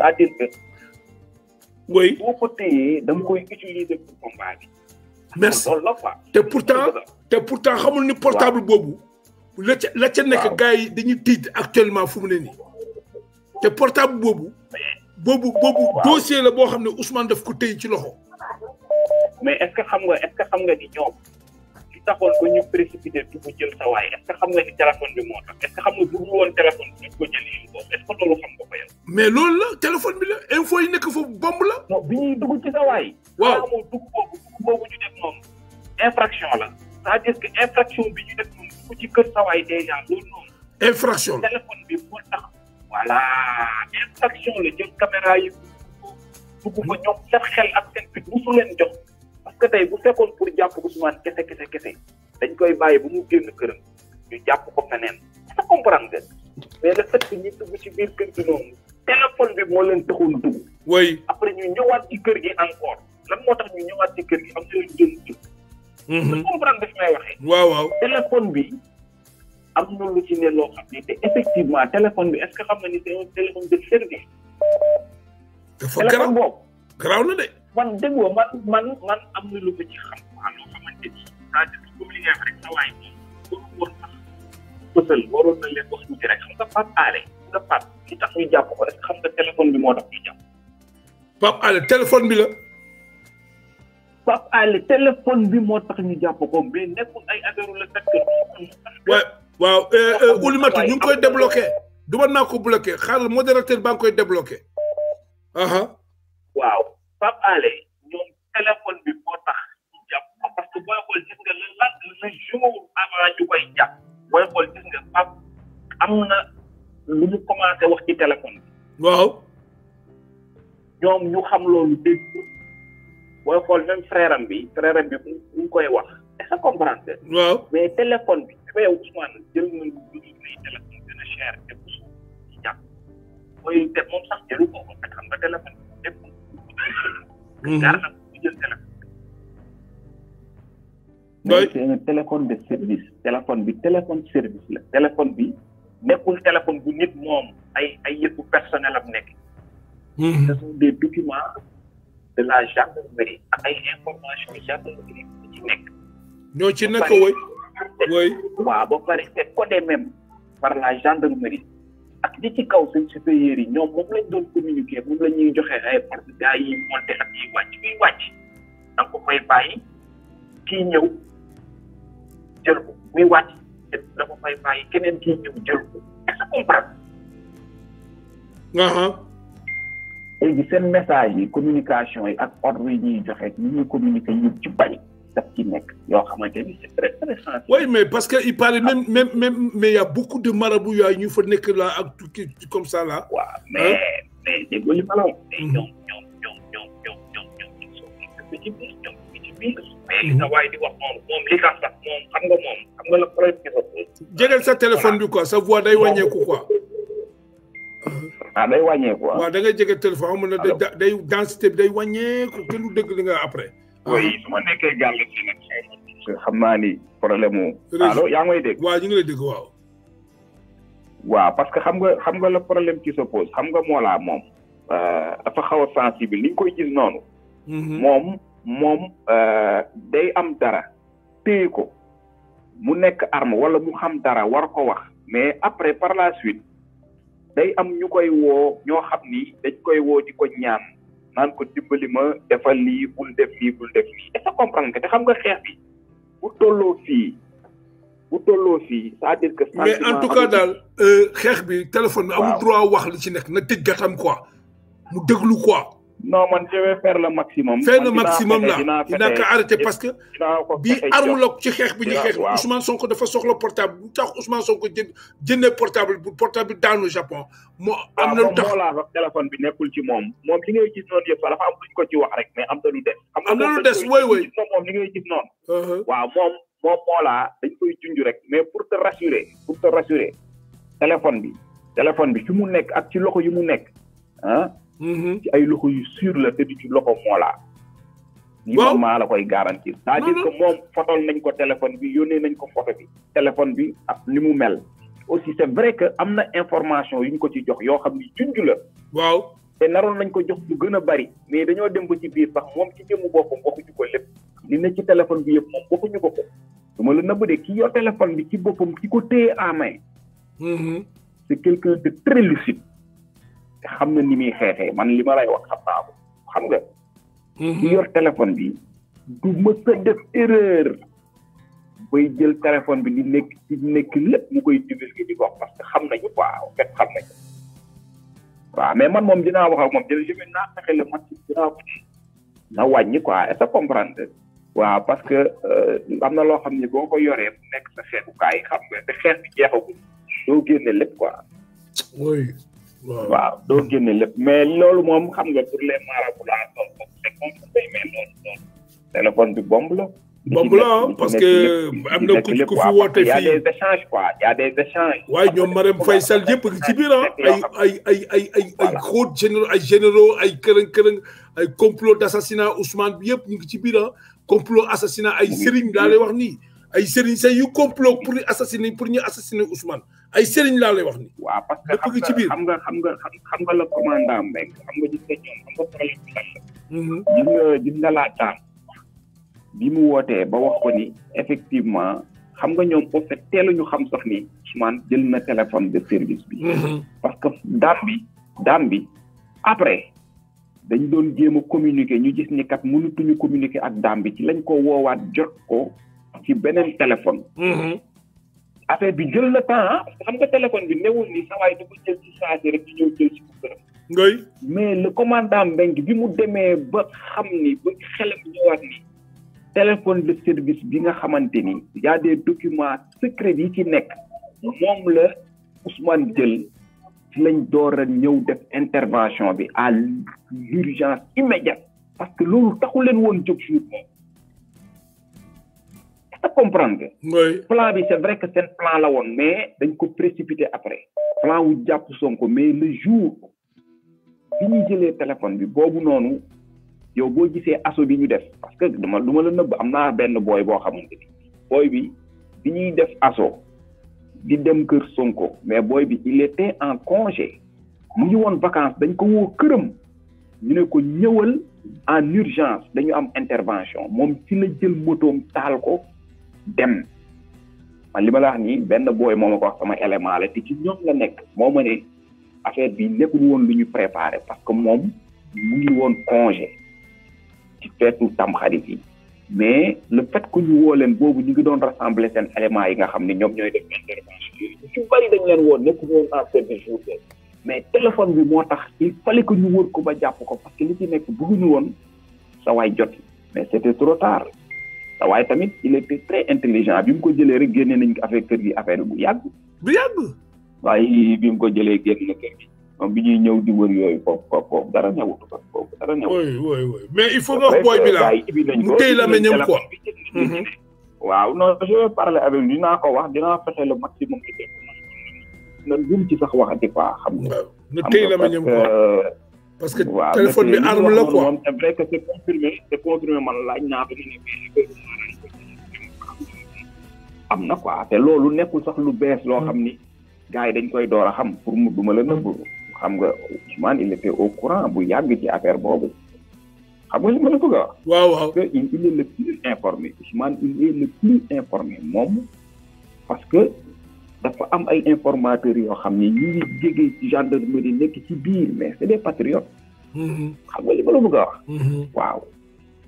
c'est-à-dire que. oui boo ko téyee dama koy utiliser pour combat bi. merci la quoi. te pourtant te pourtant xamul ni portable boobu. la ca la nekk gars dañu dañuy actuellement fu mu ne te portable bobu bobu bobu dossier la bo xamné Ousmane daf ko téye ci loxo. mais est-ce que xam nga est-ce que xam nga ni ñom ci taxoon ko ñu précipité du ko jël sa waay est ce que xam nga ni téléphone bi moo tax est ce que xam nga bu woon téléphone bi duñ ko jël info est ce que loolu xam nga ko yow. mais loolu la téléphone bi la info yi nekk foofu bomb la. non bi ñuy dugg ci sa waay. waaw moo dugg boobu dugg boobu ñu def noonu infraction la c'est-à-dire que infraction bi ñu def noonu dugg ci kër sa waay déjà loolu noonu. infraction la téléphone bi moo tax. voilà infraction la jël caméra yi dugg fa ñoom seen xel ak seen fit musu leen jox. que tey bu fekkoon pour jàpp Ousmane kese kese kese dañ koy bàyyi ba mu génn këram ñu jàpp ko feneen sa comprendre mais le fait que ñu dugg ci biir kër moo leen taxoon dugg. oui après ñu ñëwaat ci kër gi encore lan moo tax ñu ñëwaat ci kër gi am na génn dugg. sa comprendre daf may waxee. téléphone bi. am na lu ci ne loo xam ne te effectivement téléphone bi est-ce que xam na ni c'est un téléphone de service. dafa garaaw téléphone boobu garaaw na de. man déggoo man man am na lu ma ci xam am loo xamante tax ñu xam nga téléphone bi moo tax ñu jàpp Pape Alé téléphone bi la Pape Alé bi moo jàpp ko mais nekkul ay affaire la fekk waaw waaw eh, eh, Oulimatou ñu koy débloqué du man naa ko bloqué xaaral modérateur baa ngi koy débloqué aha waaw Pape ñoom téléphone bi moo tax jàpp ko parce que booy xool gis nga le lendemain le jour avant ñu koy jàpp booy xool gis nga Pape am na lu mu commencé wax ci téléphone bi. waaw. ñoom ñu xam loolu dégg booy xool même frère bi frère bi mu koy wax est-ce que waaw mais téléphone bi dafay Ousmane a cher te jëlu ko ba xam nga téléphone bi. É um uhum. téléphone de service téléphone bi téléphone service la téléphone bi nekkul téléphone bu nit moom ay ay yëpp personnel am nekk. Hum. ce sont des documents de la gendarmerie ak ay informations gendarmerie bu ci nekk. ñoo ci nekk woy woy. waaw ba pare c'est codé même par la gendarmerie ak li ci kaw seen supérieur yi ñoom moom lañ doon communiquer moom la ñuy joxe réponse gars yi monté ak yi wàcc muy wàcc da nga ko fay bàyyi kii ñëw jël ko muy wàcc da ko fay bàyyi keneen kii ñëw jël ko est ce comprendre. léegi seen message yi communication yi ak ordre yi ñuy joxe ñi ñuy communiquer ñu ci bari. mais parce que il paraît même même mais y a beaucoup de marabouts mais, comme ça là. mais mais mais, mais, mais mais téléphone mais, quoi mais, mais, mais, quoi. mais, mais, mais, mais, téléphone mais, mais, mais, mais, après. oui su ma nekkee gàll si nag xam naa ni problème mu. allo yaa ngi may waaw ñu ngi lay waaw. parce que xam nga xam nga le problème qui se pose xam nga Mollah moom. Euh, dafa xaw a sensible ni koy gis noonu. Mhm. moom moom euh, day am dara téye ko mu nekk arm wala mu xam dara war ko wax mais après par la suite day am ñu koy woo ñoo xam ni dañ koy woo di ko ñaan. naan ko dimbali ma defal lii bul def lii bul def lii est-ce que comprendre xam nga xeex bi bu tolloo fii bu tolloo fi c'est-à-dire que. mais en tout cas daal euh, xeex bi téléphone bi amul droit wax li ci nekk na tëj gàttam quoi mu déglu quoi. non je vais faire le maximum. Fais le maximum Il n'a qu'à arrêter parce que. bi ci bi Ousmane Sonko dafa portable tax Ousmane Sonko portable portable dans le Japon. Ah, téléphone bi ci dafa am mais am lu lu mais pour te rassurer pour te rassurer téléphone bi téléphone bi mu nekk ak ci hein, Mhm. ci ay loxo yu sur la te du ci loxo moo laa ñi moom maa la koy garantir c'est-à-dire que moom fotol nañ ko téléphone bi yónnee nañ ko photo bi téléphone bi ak li mu mel aussi c'est vrai que am na information yu ñu ko ci jox yoo xam ni junj la waaw te naroon nañ ko jox bu gën a bari mais dañoo dem ba ci biir sax moom ci jëmmu boppam waxuñu ko lépp li ne ci téléphone bi yëpp moom waxuñu ko ko dama la nëbb de ki yor téléphone bi ci boppam ki ko téye en main mhm. c'est quelqu'un de très lucide xam na ni muy xeexee man li ma lay wax xam naa ko xam nga. Mhm. ki yor téléphone bi du mës def erreur. bay jël téléphone bi di nekk nekk lépp mu koy divulgué di wax parce que xam na quoi en fait xam nañu. waaw mais man moom dinaa wax ak moom jërëjëf naa fexe le man dinaa ko na wàññi quoi est-ce waaw parce que euh, am na loo xam ne boo ko yoree mu nekk sa xeexukaay xam nga te xeex bi jeexagul doo génne lépp quoi. waaw doo génne lépp mais loolu moom xam nga pour les marabouts la c'est compliqué mais loolu loolu téléphone bi bomb la. bomb hein, parce que fi y a des échanges quoi y a des échanges. ci biir hein. ay ay ay ay ay généraux ay généraux ay ay complot d'assassinat Ousmane bi ñu ci biir ah complot assassinat ay sëriñ daa wax ay yu complot pour assassiner pour ñu assassiner Ousmane. ay sëriñ laa lay wax ni waaw parce que xam nga ci xam nga xam nga xam nga la commandant rek xam nga gis nga ñoom xam nga problème mhm. bi mu wootee ba wax ko ni effectivement xam nga ñoom au fait ñu xam sax ni Ousmane jël na téléphone de service bi. Mhm. parce que daan bi daan bi après. dañ doon jéem a communiquer ñu gis ni kat mënutuñu communiquer ak daam bi ci lañ ko woowaat jot ko ci beneen téléphone. Mhm. affaire bi jël le temps ah xam nga téléphone bi newul ni sa waay da ko jël ci saa si rek di ñëw jël si ko mais le commandant Mbengue bi mu demee ba xam ni ba xelam ñëwaat ni téléphone de service bi nga xamante ni y a des documents secrets yi ci nekk moom la Ousmane jël ci lañ door a ñëw def intervention bi à l'urgence immédiate parce que loolu taxu leen woon jóg jour moom comprendre Oui. plan bi c'est vrai que c'est un plan la won mais dañ ko précipiter après. plan wu japp Sonko mais le jour bi ñu jëlee téléphone bi bobu noonu yow bo gisee asso bi ñu def parce que duma duma la neub amna ben boy bo boo xamante ni bi bi ñuy def asso di dem kër Sonko mais boy bi il était en congé mu ngi woon vacance dañ ko wo kërëm ñu ne ko ñëwal en urgence dañu am intervention mom ci la jël motom tal ko. dem man li ma la wax benn booy moo ma ko wax sama élément la te ci ñoom la nekk moo ma ne affaire bi nekkul woon lu ñu préparé parce que moom mu ngi woon congé ci feetu tamxarit yi mais le fait que ñu woo leen boobu ñu ngi doon rassembler seen éléments yi nga xam ni ñoom ñooy def intervention yooyu ñu bëri dañ leen woon nekkul woon en fait de mais téléphone bi moo tax il fallait que ñu wër ko ba jàpp ko parce que li ci nekk bëgguñu woon sa waay jot mai c'était trop tard waaye tamit il était très intelligent bi mu ko jëlee rek génne nañ ko affaire kër gi affaire bu yàgg. bu yàgg. waaye bi mu ko jëlee génn na kër gi. moom bi ñuy ñëw di wër yooyu foofu foofu foofu dara ñëwut ko foofu dara ñëwut. oui oui oui mais il faut nga wax booy bi la mu tey la meññam quoi. waaw non je vais parler avec dinaa ko wax dinaa fexe le maximum. na lu ci sax waxati quoi xam nga. waaw mu tey la meññam quoi parce que téléphone bi arme la quoi que c'est confirmé c'est confirmé man laaj naa ba ne mais am na quoi te loolu nekkul sax lu bees loo xam ni gars yi dañ koy door a xam pour mu duma la nëbb xam nga Ousmane il était au courant bu yàgg ci affaire boobu xam nga li ma la bëgg a wax. waaw waaw que il est le plus informé Ousmane il est le plus informé moom parce que. dafa am ay informateurs yoo xam ni ñu ngi jege ci gendarmerie nekk ci biir mais c'est des patriotes. Mm-hmm. xam nga li ma la a wax. Mm-hmm. waaw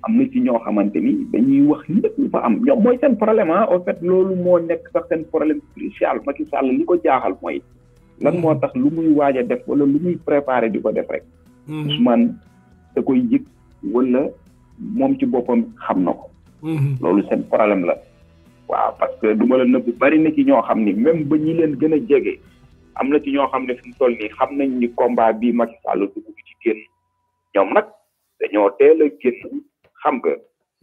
am na ci ñoo xamante ni dañuy wax lépp lu fa am ñoom mooy seen problème ah au fait loolu moo nekk sax seen problème crucial Macky Sall li ko jaaxal mooy. lan moo tax lu muy waaja def wala lu muy préparé di ko def rek. Mm-hmm. Ousmane da koy yëg wala moom ci boppam xam na ko. loolu seen problème la. waaw parce que duma la nëbb bari na ci ñoo xam ni même ba ñi leen gën a jege am na ci ñoo xam ne fi mu toll nii xam nañ ni combat bi Macky Sall dugg ci génn ñoom nag dañoo teel a génn xam nga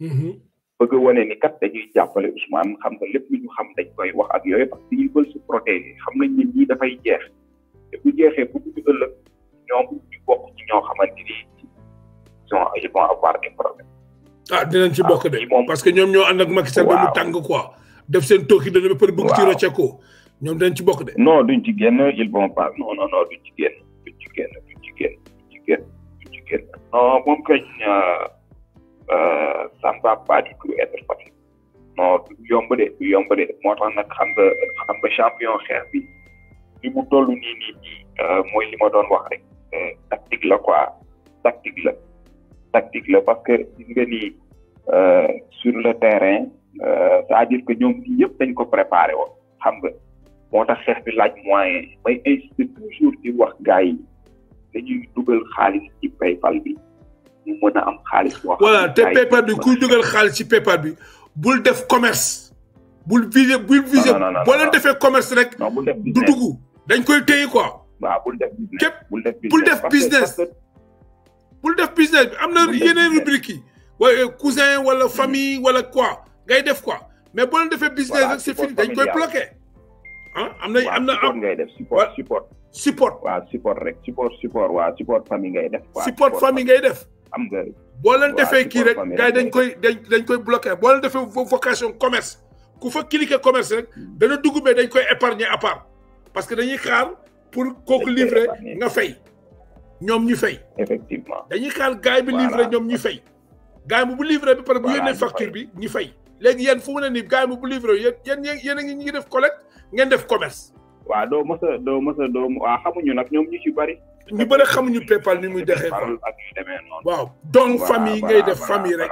mhm. bëgg wone ni kat dañuy jàppale Ousmane xam nga lépp lu ñu xam dañ koy wax ak yooyu parce que ñuy bël su protéger xam nañ ne lii dafay jeex te bu jeexee bu dugg ëllëg ñoom ñu bokk ci ñoo xamante ni sont ils vont avoir des problèmes ah dinañ ci bokk de ah, parce que ñoom ñoo ànd ak Macky Sall ba mu tàng quoi def sen toki dañu ba pare bëgg ci ko ñom dañ ci bok de non duñ ci genn ils vont pas non non non duñ ci genn duñ ci genn duñ ci genn duñ ci genn duñ ci genn non moom kañ euh, euh, ça ne va pas du tout être facile non du yomb de du yomb de mo tax nak xam nga xam nga champion xex bi li mu tollu ni ni euh moy li ma doon wax rek euh, tactique la quoi tactique la tactique la parce que gis nga sur le terrain Euh, c'est-à-dire que ñoom fii yëpp dañ ko préparé woon xam nga moo tax xeex bi laaj moyen may insister toujours di wax gars yi dañuy dugal xaalis ci paypal bi ñu mën a am xaalis. boo voilà te paypal bi kuy dugal xaalis ci paypal bi bul def commerce. bul visé bul visé boo leen defee commerce rek. du dugg dañ koy téye quoi. waaw bul def business képp bul def business. bul def business am na yeneen rubrique yi. waaye cousin wala famille wala quoi ngay def quoi mais boo business c'est fini dañ koy bloqué hein? na support support support support support support wa, support famille ngay support famille ngay def am nga boo rek dañ koy dañ koy vocation commerce fa commerce rek hmm. mais épargner à part parce que pour livrer nga fay ñu fay effectivement bi livrer ñu fay bu livrer bi facture bi léegi yéen fu mu ne nii gars yi mu bu livré yéen yéen yéen a ngi ñu ngi def collecte ngeen def commerce. waaw doo mos a doo mos a doo waaw xamuñu nag ñoom ñu ci bari. ñu bëri xamuñu PayPal ni muy dexee quoi waaw donc famille ngay def famille rek.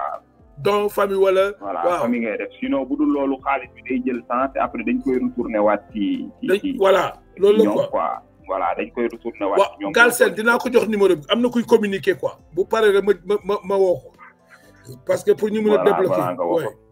donc famille wala. voilà famille ngay def sinon bu dul loolu xaalis bi day jël temps te après dañ koy retourner waat ci. ci voilà loolu la quoi voilà dañ koy retourner waat ci ñoom. Galsen dinaa ko jox numéro bi am na kuy communiquer quoi. bu paree rek ma ma ma woo ko parce que pour ñu mën a débloquer. voilà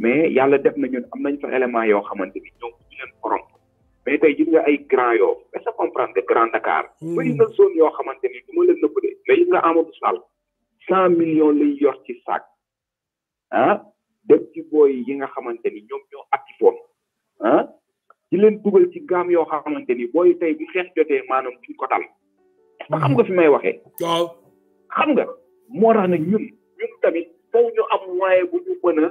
mais yàlla def na ñun am nañ fa élément yoo xamante ni ñoom ñu mais tey gis nga ay grand yoo est-ce que comprendre que Grand Dakar. Hmm. bëri na zone yoo xamante ni du ma leen nëbb de mais gis nga cent millions lay yor ci saak ah dem ci booy yi nga xamante ni ñoom ñoo actifoon ah di leen dugal ci gaam yoo xamante ni booy tey bu xeex jotee maanaam duñ ko tal xam nga fi may waxee. xam nga moo tax nag ñun ñun tamit foofu ñu am moyen bu ñu mën a.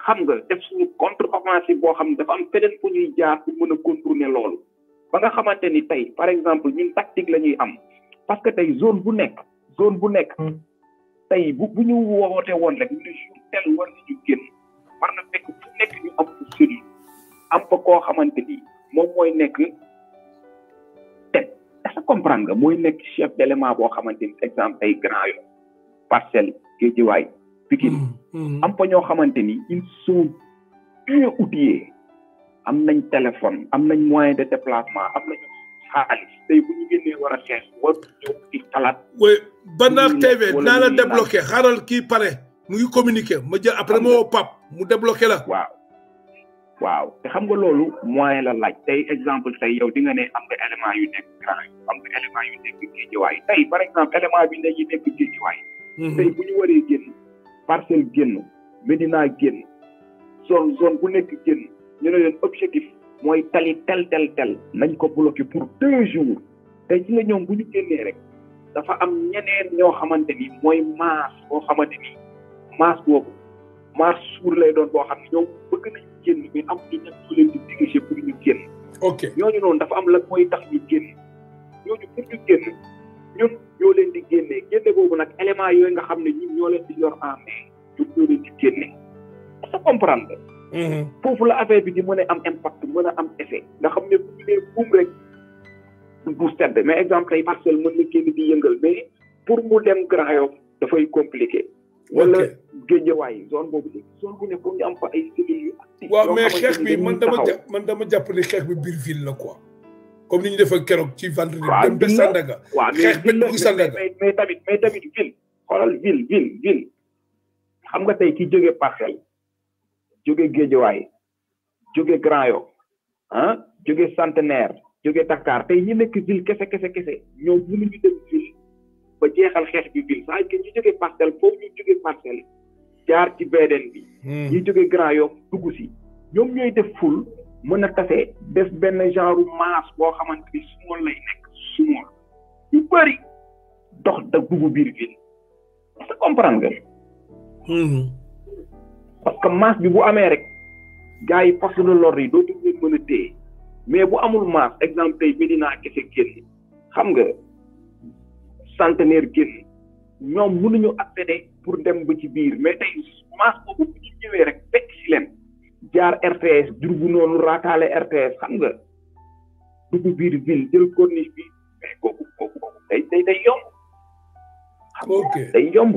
xam nga def suñu contre offensive boo xam ne dafa am feneen fu ñuy jaar pour mën a contourner loolu ba nga xamante ni tey par exemple ñun tactique la ñuy am parce que tey zone bu nekk zone bu nekk hmm. tey bu bu ñu woon rek ñu ne génn war na fekk fu nekk ñu am fu sori koo xamante ni moom mooy nekk te est comprendre mooy nekk chef d'élément boo xamante ni exemple tey grand yo parcelle géejiwaay Pikine mm, mm. am fa ñoo xamante ni ils sont bien outillés am nañ téléphone am nañ moyen de déplacement am nañu xaalis tey bu ñu génnee war a xeex war ñëw ci xalaat oui Banaar TV naa la débloqué xaaral kii pare mu ngi communiqué ma après ma woo Pape mu débloqué la waaw waaw te xam nga loolu moyen la laaj tey exemple tey yow di nga ne élément yu nekk grand am nga tey par exemple élément bi ne yi nekk géejewaay mm-hmm. tey bu ñu génn parcelle génn Médina génn zone zone bu nekk génn ñu ne leen mooy tali tel nañ ko bloqué pour deux jours te ci bu ñu génnee rek dafa am ñeneen ñoo xamante ni mooy maas boo xamante ni maas boobu maas suur lay doon boo xam ne ñoom bëgg nañ génn mais am ñu ñëpp ñu ñu génn. ñooñu noonu dafa am la mooy tax ñu génn ñooñu pour ñu génn ñun. ñoo leen di génne génne boobu nag élément yooyu nga xam ne ñun ñoo leen di yor en main ñun ñoo mm-hmm. la affaire bi di mën a am impact ma a am effet nga xam ne bu ñu rek du sedd mais exemple tey parcelle mën na génn di yëngal mais pour mu dem Grand Yoff dafay compliqué wala géejewaay zone boobu léegi zone bu ne pour ñu am fa ay cellules yu waaw mais xeex bi man dama jàpp man dama jàpp ne xeex bi biir ville la quoi comme ni ñu def keroog ci vendredi. waaw dem ba Sandaga. waaw xeex tamit mais tamit ville. xoolal ville ville xam nga tey ki jóge parcelle jóge Géejawaay jóge Grand Yoff ah jóge Centenaire jóge Dakar tey ñi nekk ville kese kese kese ñoom mënuñu dem ville ba jeexal xeex bi ville saa que ñu jóge parcelle foofu ñu jóge parcelle jaar ci beeden bi. Hmm. ñi jóge Grand Yoff dugg si ñoom ñooy def ful. mën a tase def benn genre maas boo xamante ni sumool lay nekk sumool yu bëri dox da biir ville parce que comprendre nga mm-hmm. maas bi bu amee rek gars yi force de l'ordre yi dootuñ leen mën a téye mais bu amul maas exemple tey Médina kese génn xam nga centenaire génn ñoom mënuñu accéder pour dem ba ci biir mais tey maas boobu bu ñëwee rek fekk si leen jaar RTS jurubu noonu raataale RTS xam nga dugg biir ville yomb. ok day yomb.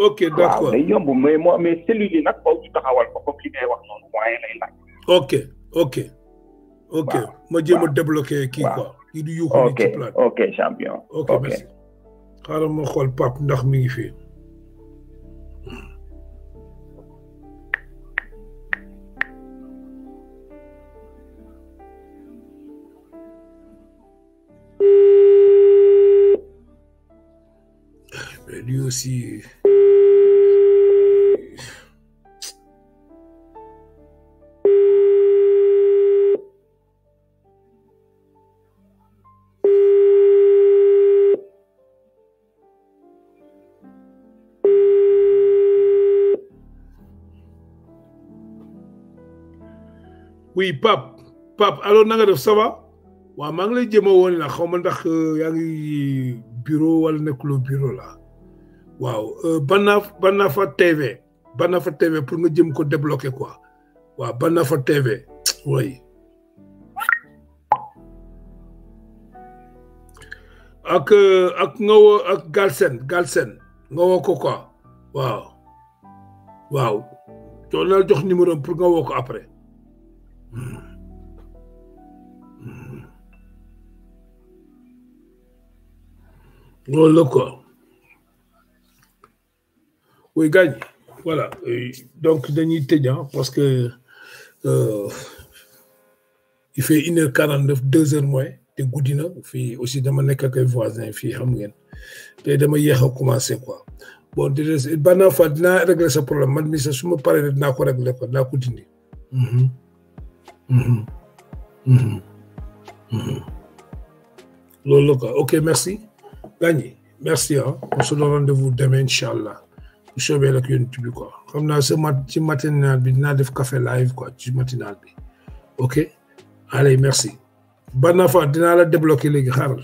ok d'accord waaw yomb mais moo mais cellules nag faw ñu taxawal ko comme wax noonu moyen lay laaj. ok ok. ok ma jéem a débloqué kii quoi. kii du yuuxu ok ok ok merci ma xool Pape ndax mi ngi fii. lui aussi. oui pap, pap, alors na nga def ça va waaw maa ngi lay jéem a la xaw ma ndax yaa ngi bureau wala nekkuloo bureau la waaw euh, Banaf Banafa TV Banafa TV pour nga jëm ko débloqué quoi waaw Banafa TV oui ak euh, ak Galsen Galsen nga woo ko quoi waaw waaw soo na jox numéro pour nga woo ko après hmm. Hmm. loolu Oui, gagne. Voilà. Donc, Denis Tédian, hein, parce que euh, il fait 1h49, 2h moins. de Goudina, aussi de à quelques voisins, Je fait Et Je vais recommencer, quoi. Bon, déjà, c'est une il a réglé ce problème. Je me suis de la réglé, de la Goudina. ok, merci. Gagne, merci. Hein. On se donne rendez-vous demain, Inch'Allah bu la ak yonent bi quoi Comme naa ce matin, matinal bi na def café live quoi ci matinal bi ok allez merci Banafa dina la débloquer les gars.